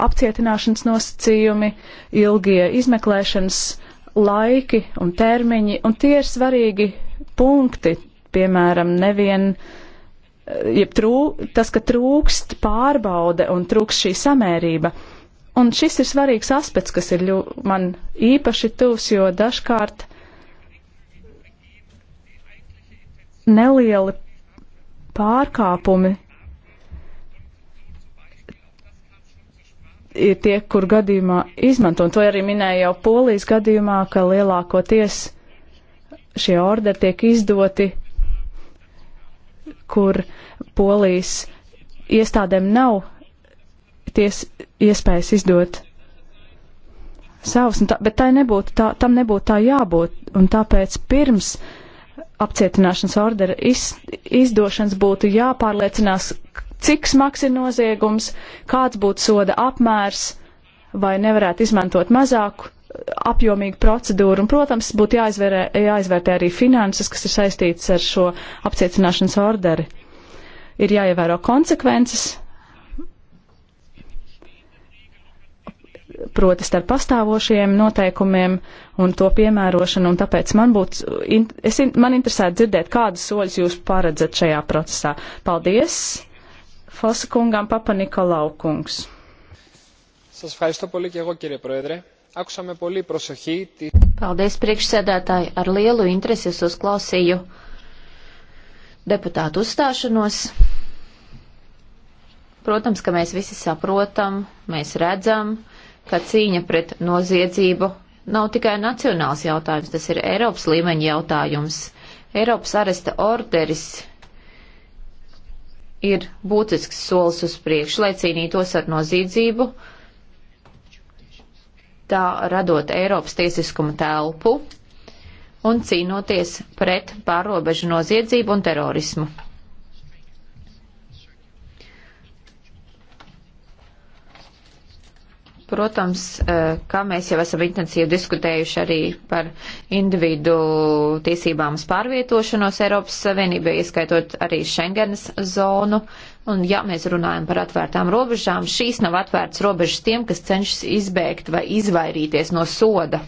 [SPEAKER 3] apcietināšanas nosacījumi, ilgie izmeklēšanas laiki un termiņi, un tie ir svarīgi punkti, piemēram, nevien uh, jeb trū, tas, ka trūkst pārbaude un trūkst šī samērība. Un šis ir svarīgs aspekts, kas ir ļu, man īpaši tuvs, jo dažkārt nelieli pārkāpumi ir tie, kur gadījumā izmanto. Un to arī minēja jau polijas gadījumā, ka lielākoties šie orderi tiek izdoti kur polijas iestādēm nav ties, iespējas izdot savus, tā, bet tai nebūtu tā, tam nebūtu tā jābūt, un tāpēc pirms apcietināšanas ordera iz, izdošanas būtu jāpārliecinās, cik smags ir noziegums, kāds būtu soda apmērs, vai nevarētu izmantot mazāku apjomīgu procedūru, un, protams, būtu jāizvērē, jāizvērtē arī finanses, kas ir saistītas ar šo apcietināšanas orderi. Ir jāievēro konsekvences, proti starp pastāvošajiem noteikumiem un to piemērošanu, un tāpēc man būtu, es, man interesētu dzirdēt, kādas soļas jūs paredzat šajā procesā. Paldies, Fosa kungam, Papa Nikolau kungs. Σας ευχαριστώ πολύ και εγώ κύριε Πρόεδρε. Paldies,
[SPEAKER 6] priekšsēdētāji, ar lielu interesi es uzklausīju deputātu uzstāšanos. Protams, ka mēs visi saprotam, mēs redzam, ka cīņa pret noziedzību nav tikai nacionāls jautājums, tas ir Eiropas līmeņa jautājums. Eiropas aresta orderis ir būtisks solis uz priekšu, lai cīnītos ar noziedzību tā radot Eiropas tiesiskuma telpu un cīnoties pret pārobežu noziedzību un terorismu. Protams, eh, kā mēs jau esam intensīvi diskutējuši arī par individu tiesībām uz pārvietošanos Eiropas Savienībā, ieskaitot arī Schengenas zonu, Un ja mēs runājam par atvērtām robežām, šīs nav atvērtas robežas tiem, kas cenšas izbēgt vai izvairīties no soda.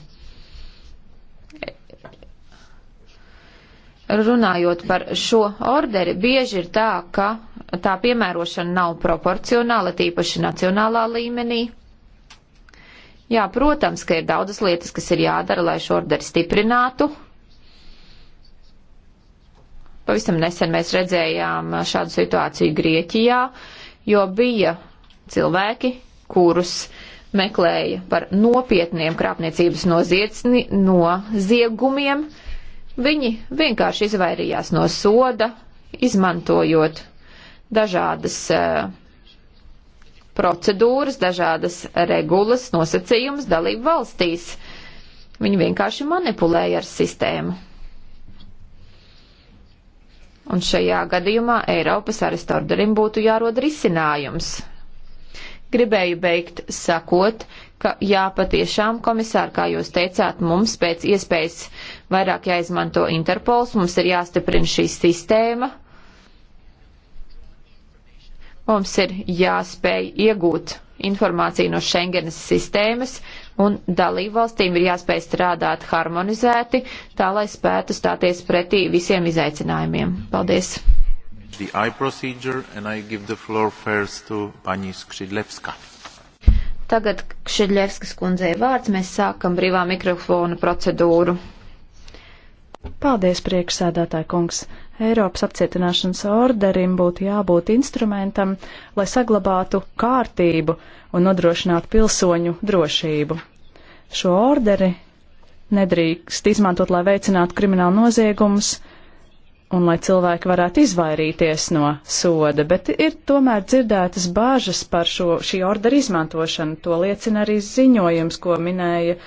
[SPEAKER 6] Runājot par šo orderi, bieži ir tā, ka tā piemērošana nav proporcionāla, tīpaši nacionālā līmenī. Jā, protams, ka ir daudzas lietas, kas ir jādara, lai šo orderi stiprinātu, Pavisam nesen mēs redzējām šādu situāciju Grieķijā, jo bija cilvēki, kurus meklēja par nopietniem krāpniecības noziegumiem. Viņi vienkārši izvairījās no soda, izmantojot dažādas uh, procedūras, dažādas regulas, nosacījumus dalību valstīs. Viņi vienkārši manipulēja ar sistēmu. Un šajā gadījumā Eiropas aristorderim būtu jārod risinājums. Gribēju beigt sakot, ka jā, patiešām, komisār, kā jūs teicāt, mums pēc iespējas vairāk jāizmanto Interpols, mums ir jāstiprina šī sistēma, mums ir jāspēj iegūt informāciju no Schengenas sistēmas, un dalību valstīm ir jāspēj strādāt harmonizēti, tā lai spētu stāties pretī visiem izaicinājumiem. Paldies!
[SPEAKER 4] The eye procedure and I give the floor
[SPEAKER 2] first to Pani Skridlevska.
[SPEAKER 6] Tagad Šidļevskas kundzei vārds, mēs sākam brīvā mikrofona procedūru.
[SPEAKER 3] Paldies, priekšsēdētāji kungs! Eiropas apcietināšanas orderim būtu jābūt instrumentam, lai saglabātu kārtību un nodrošinātu pilsoņu drošību. Šo orderi nedrīkst izmantot, lai veicinātu kriminālu noziegumus, un lai cilvēki varētu izvairīties no soda, bet ir tomēr dzirdētas bāžas par šo, šī ordera izmantošanu. To liecina arī ziņojums, ko minēja,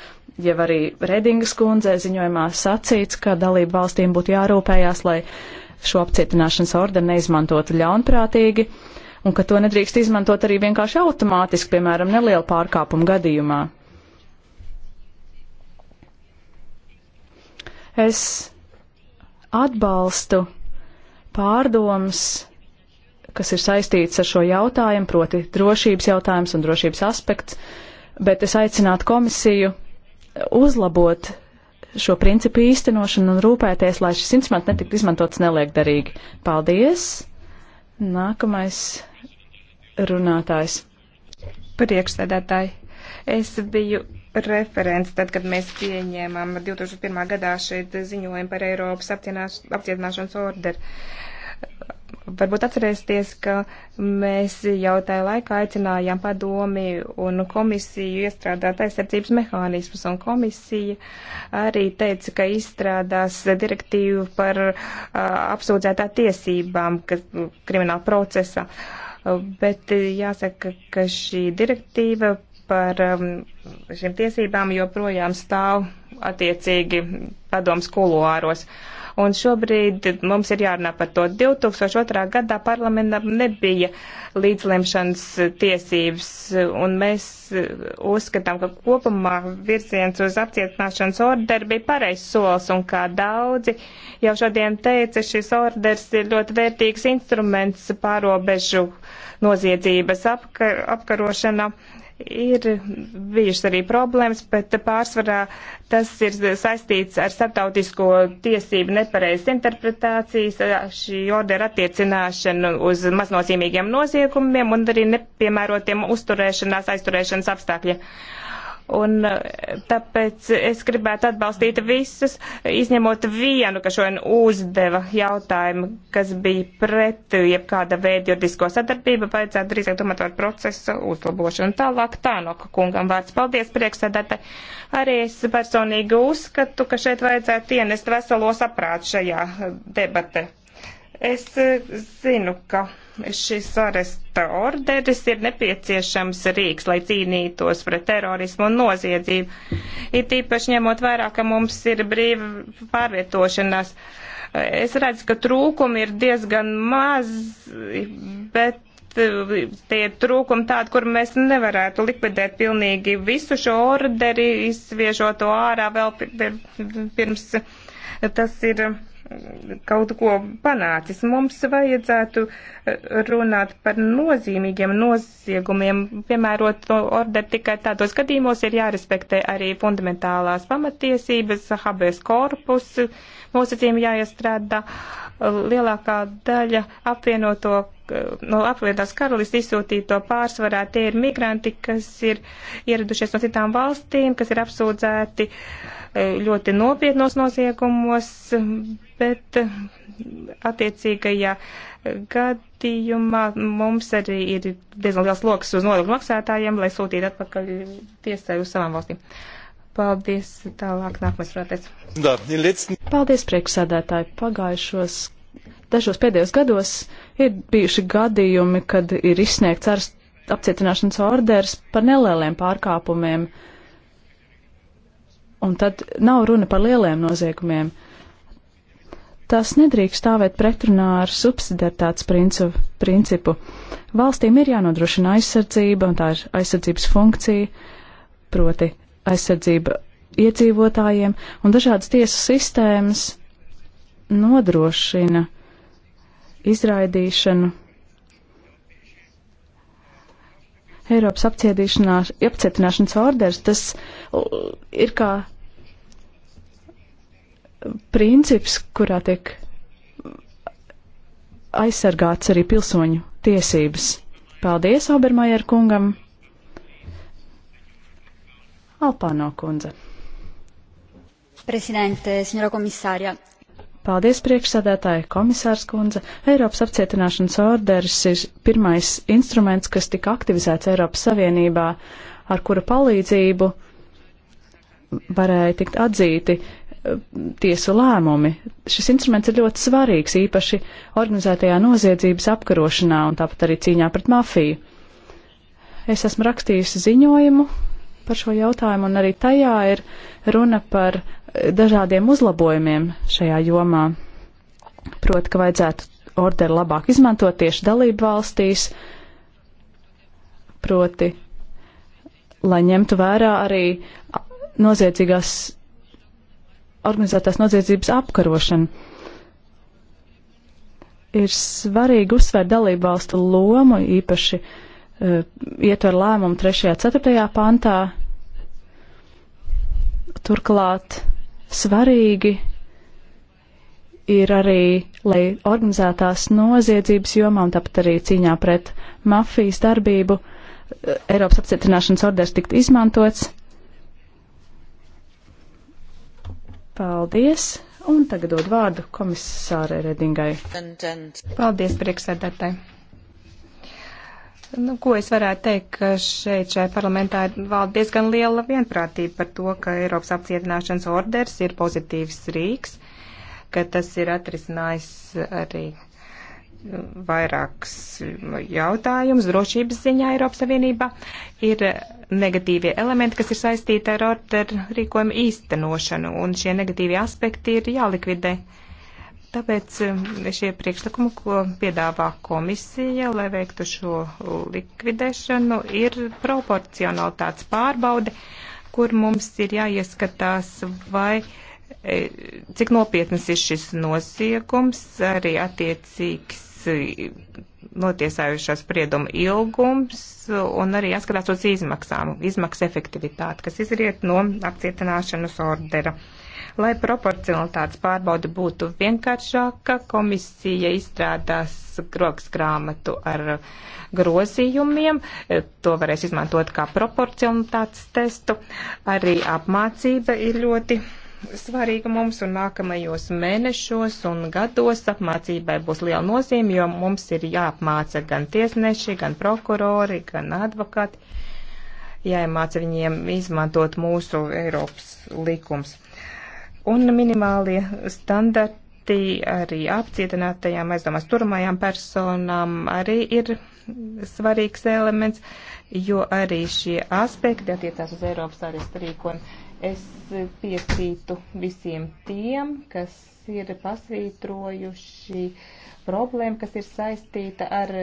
[SPEAKER 3] jau arī Redingas kundzē ziņojumā sacīts, ka dalību valstīm būtu jārūpējās, lai šo apcietināšanas orderu neizmantotu ļaunprātīgi, un ka to nedrīkst izmantot arī vienkārši automātiski, piemēram, neliela pārkāpuma gadījumā. Es atbalstu pārdomas, kas ir saistīts ar šo jautājumu, proti drošības jautājums un drošības aspekts, bet es aicinātu komisiju uzlabot šo principu īstenošanu un rūpēties, lai šis instruments netiktu izmantots neliekdarīgi. Paldies! Nākamais runātājs. Priekšsēdētāji, es biju referents,
[SPEAKER 5] tad, kad mēs pieņēmām 2001. gadā šeit ziņojumu par Eiropas apcietināšanas orderu. Varbūt atcerēsties, ka mēs jau tajā laikā aicinājām padomi un komisiju iestrādāt aizsardzības mehānismus, un komisija arī teica, ka izstrādās direktīvu par uh, apsūdzētā tiesībām kas, krimināla procesa. Uh, bet jāsaka, ka šī direktīva par um, šīm tiesībām joprojām stāv attiecīgi padoms kuluāros. Un šobrīd mums ir jārunā par to. 2002. gadā parlamentam nebija līdzlemšanas tiesības, un mēs uzskatām, ka kopumā virziens uz apcietināšanas orderu bija pareizs solis, un kā daudzi jau šodien teica, šis orders ir ļoti vērtīgs instruments pārobežu noziedzības apka, apkarošana. Ir bijušas arī problēmas, bet pārsvarā tas ir saistīts ar starptautisko tiesību nepareizas interpretācijas, šī ordera attiecināšanu uz maznozīmīgiem noziegumiem un arī nepiemērotiem uzturēšanās, aizturēšanas apstākļiem. Uh, Un eh, tāpēc es gribētu atbalstīt visus, izņemot vienu, ka šodien uzdeva jautājumu, kas bija pret jebkāda veida juridisko sadarbību, vajadzētu drīzāk domāt par procesu uzlabošanu. Tālāk Tānoka kungam vārds. Paldies, priekšsēdētāji. Arī es personīgi uzskatu, ka šeit vajadzētu ienest veselo saprātu šajā debate. Es e, zinu, ka šis aresta orderis ir nepieciešams rīks, lai cīnītos pret terorismu un noziedzību. Ir tīpaši ņemot vērā, ka mums ir brīva pārvietošanās. Es redzu, ka trūkumi ir diezgan mazi, bet e, tie trūkumi tādi, kur mēs nevarētu likvidēt pilnīgi visu šo orderi, izsviežot to ārā vēl pirms tas ir kaut ko panācis. Mums vajadzētu eh, runāt par nozīmīgiem noziegumiem, piemērot to orderu tikai tādos gadījumos ir jārespektē arī fundamentālās pamatiesības, habeas corpus, nosacījumi jāiestrādā. Lielākā daļa apvienoto, eh, no apvienotās karalists izsūtīto pārsvarā tie ir migranti, kas ir ieradušies no citām valstīm, kas ir apsūdzēti eh, ļoti nopietnos noziegumos, bet attiecīgajā gadījumā mums arī ir diezgan liels lokus uz nodokļu maksātājiem, lai sūtītu atpakaļ tiesai uz savām valstīm.
[SPEAKER 3] Paldies, tālāk nākamais
[SPEAKER 2] runātais.
[SPEAKER 3] Paldies, priekšsēdētāji. Pagājušos dažos pēdējos gados ir bijuši gadījumi, kad ir izsniegts ar apcietināšanas orders par nelieliem pārkāpumiem. Un tad nav runa par lieliem noziegumiem. Uh, tās nedrīkst stāvēt pretrunā ar subsidiaritātes principu. Valstīm ir jānodrošina aizsardzība, un tā ir aizsardzības funkcija, proti aizsardzība iedzīvotājiem, un dažādas tiesu sistēmas nodrošina izraidīšanu. Eiropas apcietināšanas orders, tas uh, ir kā princips, kurā tiek aizsargāts arī pilsoņu tiesības. Paldies Obermajer kungam! Alpāno kundze.
[SPEAKER 1] Prezidente, signora komisārija.
[SPEAKER 3] Paldies, priekšsādātāja komisārs kundze. Eiropas apcietināšanas orders ir pirmais instruments, kas tika aktivizēts Eiropas Savienībā, ar kura palīdzību varēja tikt atzīti uh, tiesu lēmumi. Šis instruments ir ļoti svarīgs, īpaši organizētajā noziedzības apkarošanā un tāpat arī cīņā pret mafiju. Es esmu rakstījusi ziņojumu par šo jautājumu, un arī tajā ir runa par eh, dažādiem uzlabojumiem šajā jomā. Proti, ka vajadzētu orderi labāk izmantot tieši dalību valstīs, proti, lai ņemtu vērā arī noziedzīgās organizētās noziedzības apkarošanu. Ir svarīgi uzsvērt dalību valstu lomu, īpaši uh, ietver lēmumu 3. un 4. pantā. Turklāt svarīgi ir arī, lai organizētās noziedzības jomā un tāpat arī cīņā pret mafijas darbību eh, Eiropas apcietināšanas orders tikt izmantots Paldies! Un tagad dod vārdu komisārai Redingai. Paldies, priekšsēdētāji!
[SPEAKER 5] Nu, ko es varētu teikt, ka šeit šai parlamentā valda diezgan liela vienprātība par to, ka Eiropas apcietināšanas orders ir pozitīvs rīks, ka tas ir atrisinājis arī vairāks jautājums drošības ziņā Eiropas Savienībā. Ir negatīvie elementi, kas ir saistīti ar orderu rīkojumu īstenošanu, un šie negatīvie aspekti ir jālikvidē. Tāpēc um, šie priekšlikumi, ko piedāvā komisija, lai veiktu šo likvidēšanu, ir proporcionalitātes pārbaude, kur mums ir jāieskatās, vai e, cik nopietnas ir šis noziegums, arī attiecīgs notiesājušā sprieduma ilgums un arī jāskatās uz izmaksām, izmaksu efektivitāti, kas izriet no apcietināšanas ordera. Lai proporcionalitātes pārbauda būtu vienkāršāka, komisija izstrādās groks grāmatu ar grozījumiem. To varēs izmantot kā proporcionalitātes testu. Arī apmācība ir ļoti svarīga mums un nākamajos mēnešos un gados apmācībai būs liela nozīme, jo mums ir jāapmāca gan tiesneši, gan prokurori, gan advokāti, jāiemāca viņiem izmantot mūsu Eiropas likums. Un minimālie standarti arī apcietinātajām aizdomās turmajām personām arī ir svarīgs elements, jo arī šie aspekti attiecās uz Eiropas arestu rīkojumu Es piekrītu visiem tiem, kas ir pasvītrojuši problēmu, kas ir saistīta ar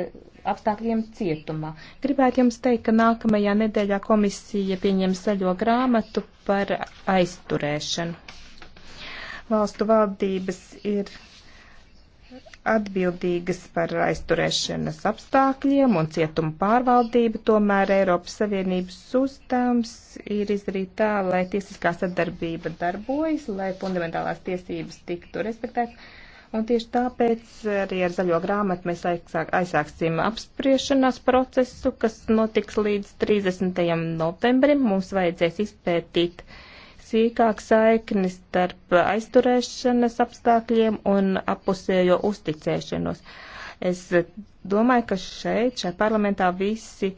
[SPEAKER 5] apstākļiem cietumā. Gribētu jums teikt, ka nākamajā nedēļā komisija pieņem zaļo grāmatu par aizturēšanu. Valstu valdības ir atbildīgas par aizturēšanas apstākļiem un cietuma pārvaldību, tomēr Eiropas Savienības uzdevums ir izdarīt tā, lai tiesiskā sadarbība darbojas, lai fundamentālās tiesības tiktu respektētas. Un tieši tāpēc arī ar zaļo grāmatu mēs aizsāksim apspriešanās procesu, kas notiks līdz 30. novembrim. Mums vajadzēs izpētīt uh, sīkāk saikni starp aizturēšanas apstākļiem un apusējo uzticēšanos. Es domāju, ka šeit, šajā parlamentā visi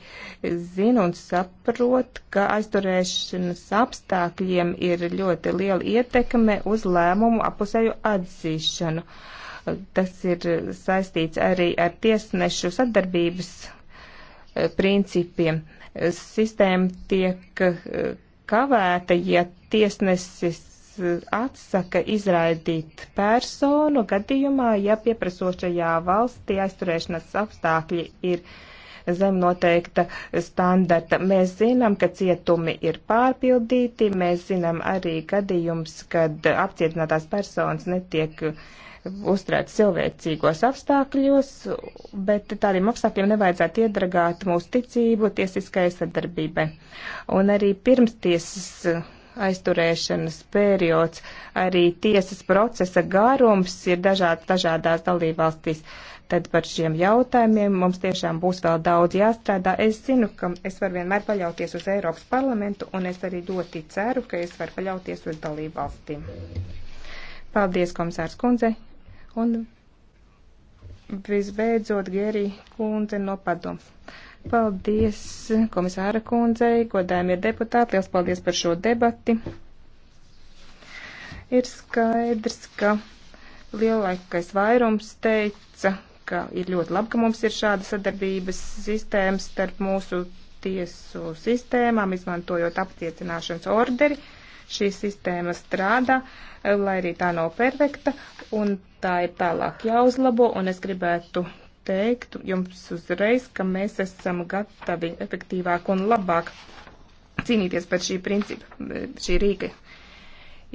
[SPEAKER 5] zina un saprot, ka aizturēšanas apstākļiem ir ļoti liela ietekme uz lēmumu apusēju atzīšanu. Tas ir saistīts arī ar tiesnešu sadarbības eh, principiem. Sistēma tiek eh, kavēta, ja tiesnesis eh, atsaka izraidīt personu gadījumā, ja pieprasošajā valstī aizturēšanas apstākļi ir zem noteikta standarta. Mēs zinām, ka cietumi ir pārpildīti, mēs zinām arī gadījums, kad apcietinātās personas netiek uh, uzturēt cilvēcīgos apstākļos, bet tādiem apstākļiem nevajadzētu iedragāt mūsu ticību tiesiskai sadarbībai. Un arī pirmstiesas aizturēšanas periods, arī tiesas procesa gārums ir dažād, dažādās dalībvalstīs. Tad par šiem jautājumiem mums tiešām būs vēl daudz jāstrādā. Es zinu, ka es varu vienmēr paļauties uz Eiropas parlamentu, un es arī ļoti ceru, ka es varu paļauties uz dalībvalstīm. Paldies, komisārs kundze. Un visbeidzot, Gerī kundze no padoms. Paldies komisāra kundzei, godājumie deputāti, liels paldies par šo debati. Ir skaidrs, ka lielākais vairums teica, ka ir ļoti labi, ka mums ir šāda sadarbības sistēma starp mūsu tiesu sistēmām, izmantojot apcietināšanas orderi. Šī sistēma strādā, lai arī tā nav perfekta, un tā ir tālāk jāuzlabo, un es gribētu teikt jums uzreiz, ka mēs esam gatavi efektīvāk un labāk cīnīties pēc šī principa, šī rīka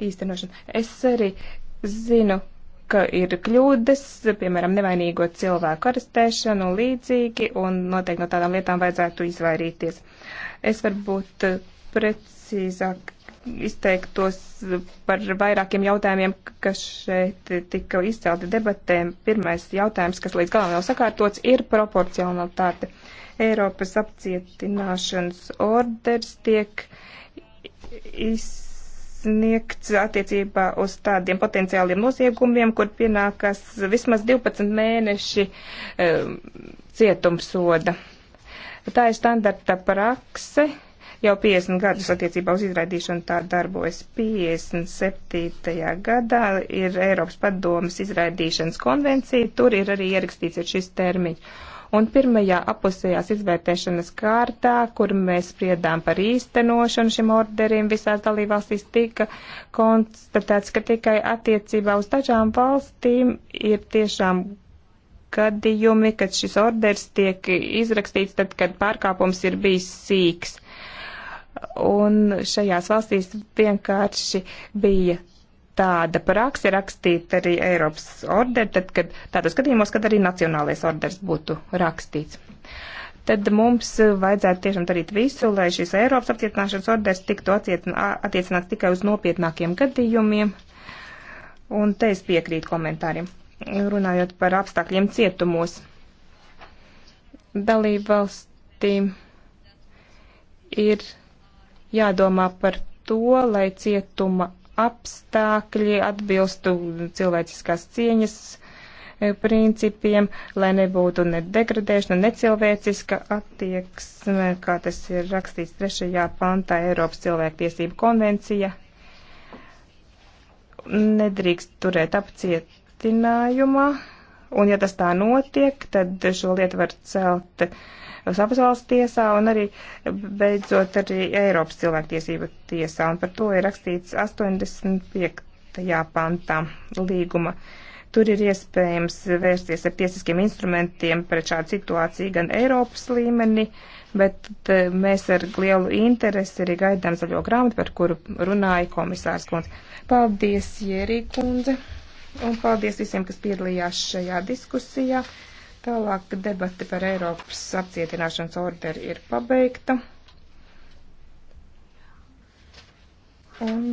[SPEAKER 5] īstenošana. Es arī zinu, ka ir kļūdas, piemēram, nevainīgo cilvēku arestēšanu un līdzīgi, un noteikti no tādām lietām vajadzētu izvairīties. Es varbūt precīzāk izteiktos par vairākiem jautājumiem, kas šeit tika izcelti debatēm. Pirmais jautājums, kas līdz galam nav sakārtots, ir proporcionalitāte. Eiropas apcietināšanas orders tiek izsniegts attiecībā uz tādiem potenciāliem noziegumiem, kur pienākas vismaz 12 mēneši um, cietumsoda. Tā ir standarta prakse jau 50 gadus attiecībā uz izraidīšanu tā darbojas. 57. gadā ir Eiropas padomas izraidīšanas konvencija, tur ir arī ierakstīts šis termiņš. Un pirmajā apusējās izvērtēšanas kārtā, kur mēs spriedām par īstenošanu šim orderim, visās dalībvalstīs tika konstatēts, ka tikai attiecībā uz dažām valstīm ir tiešām gadījumi, kad šis orders tiek izrakstīts tad, kad pārkāpums ir bijis sīks. Un šajās valstīs vienkārši bija tāda praksa rakstīt arī Eiropas orderi, tad, kad tādos gadījumos, kad arī nacionālais orders būtu rakstīts. Tad mums vajadzētu tiešām darīt visu, lai šis Eiropas apcietināšanas orders tiktu attiecināts tikai uz nopietnākiem gadījumiem. Un te es piekrītu komentāriem, runājot par apstākļiem cietumos. Dalībvalstīm ir jādomā par to, lai cietuma apstākļi atbilstu cilvēciskās cieņas e, principiem, lai nebūtu ne degradēšana, ne cilvēciska attieksme, kā tas ir rakstīts trešajā pantā Eiropas cilvēktiesību konvencija. Nedrīkst turēt apcietinājumā, un ja tas tā notiek, tad šo lietu var celt uh, savas valsts tiesā un arī beidzot arī Eiropas cilvēktiesība tiesā. Un par to ir rakstīts 85. pantā līguma. Tur ir iespējams vērsties ar tiesiskiem instrumentiem pret šādu situāciju gan Eiropas līmenī, bet eh, mēs ar lielu interesi arī gaidām zaļo grāmatu, par kuru runāja komisārs kundze. Paldies, Jērī kundze, un paldies visiem, kas piedalījās šajā diskusijā. Tālāk debati par Eiropas apcietināšanas orderi ir pabeigta. Un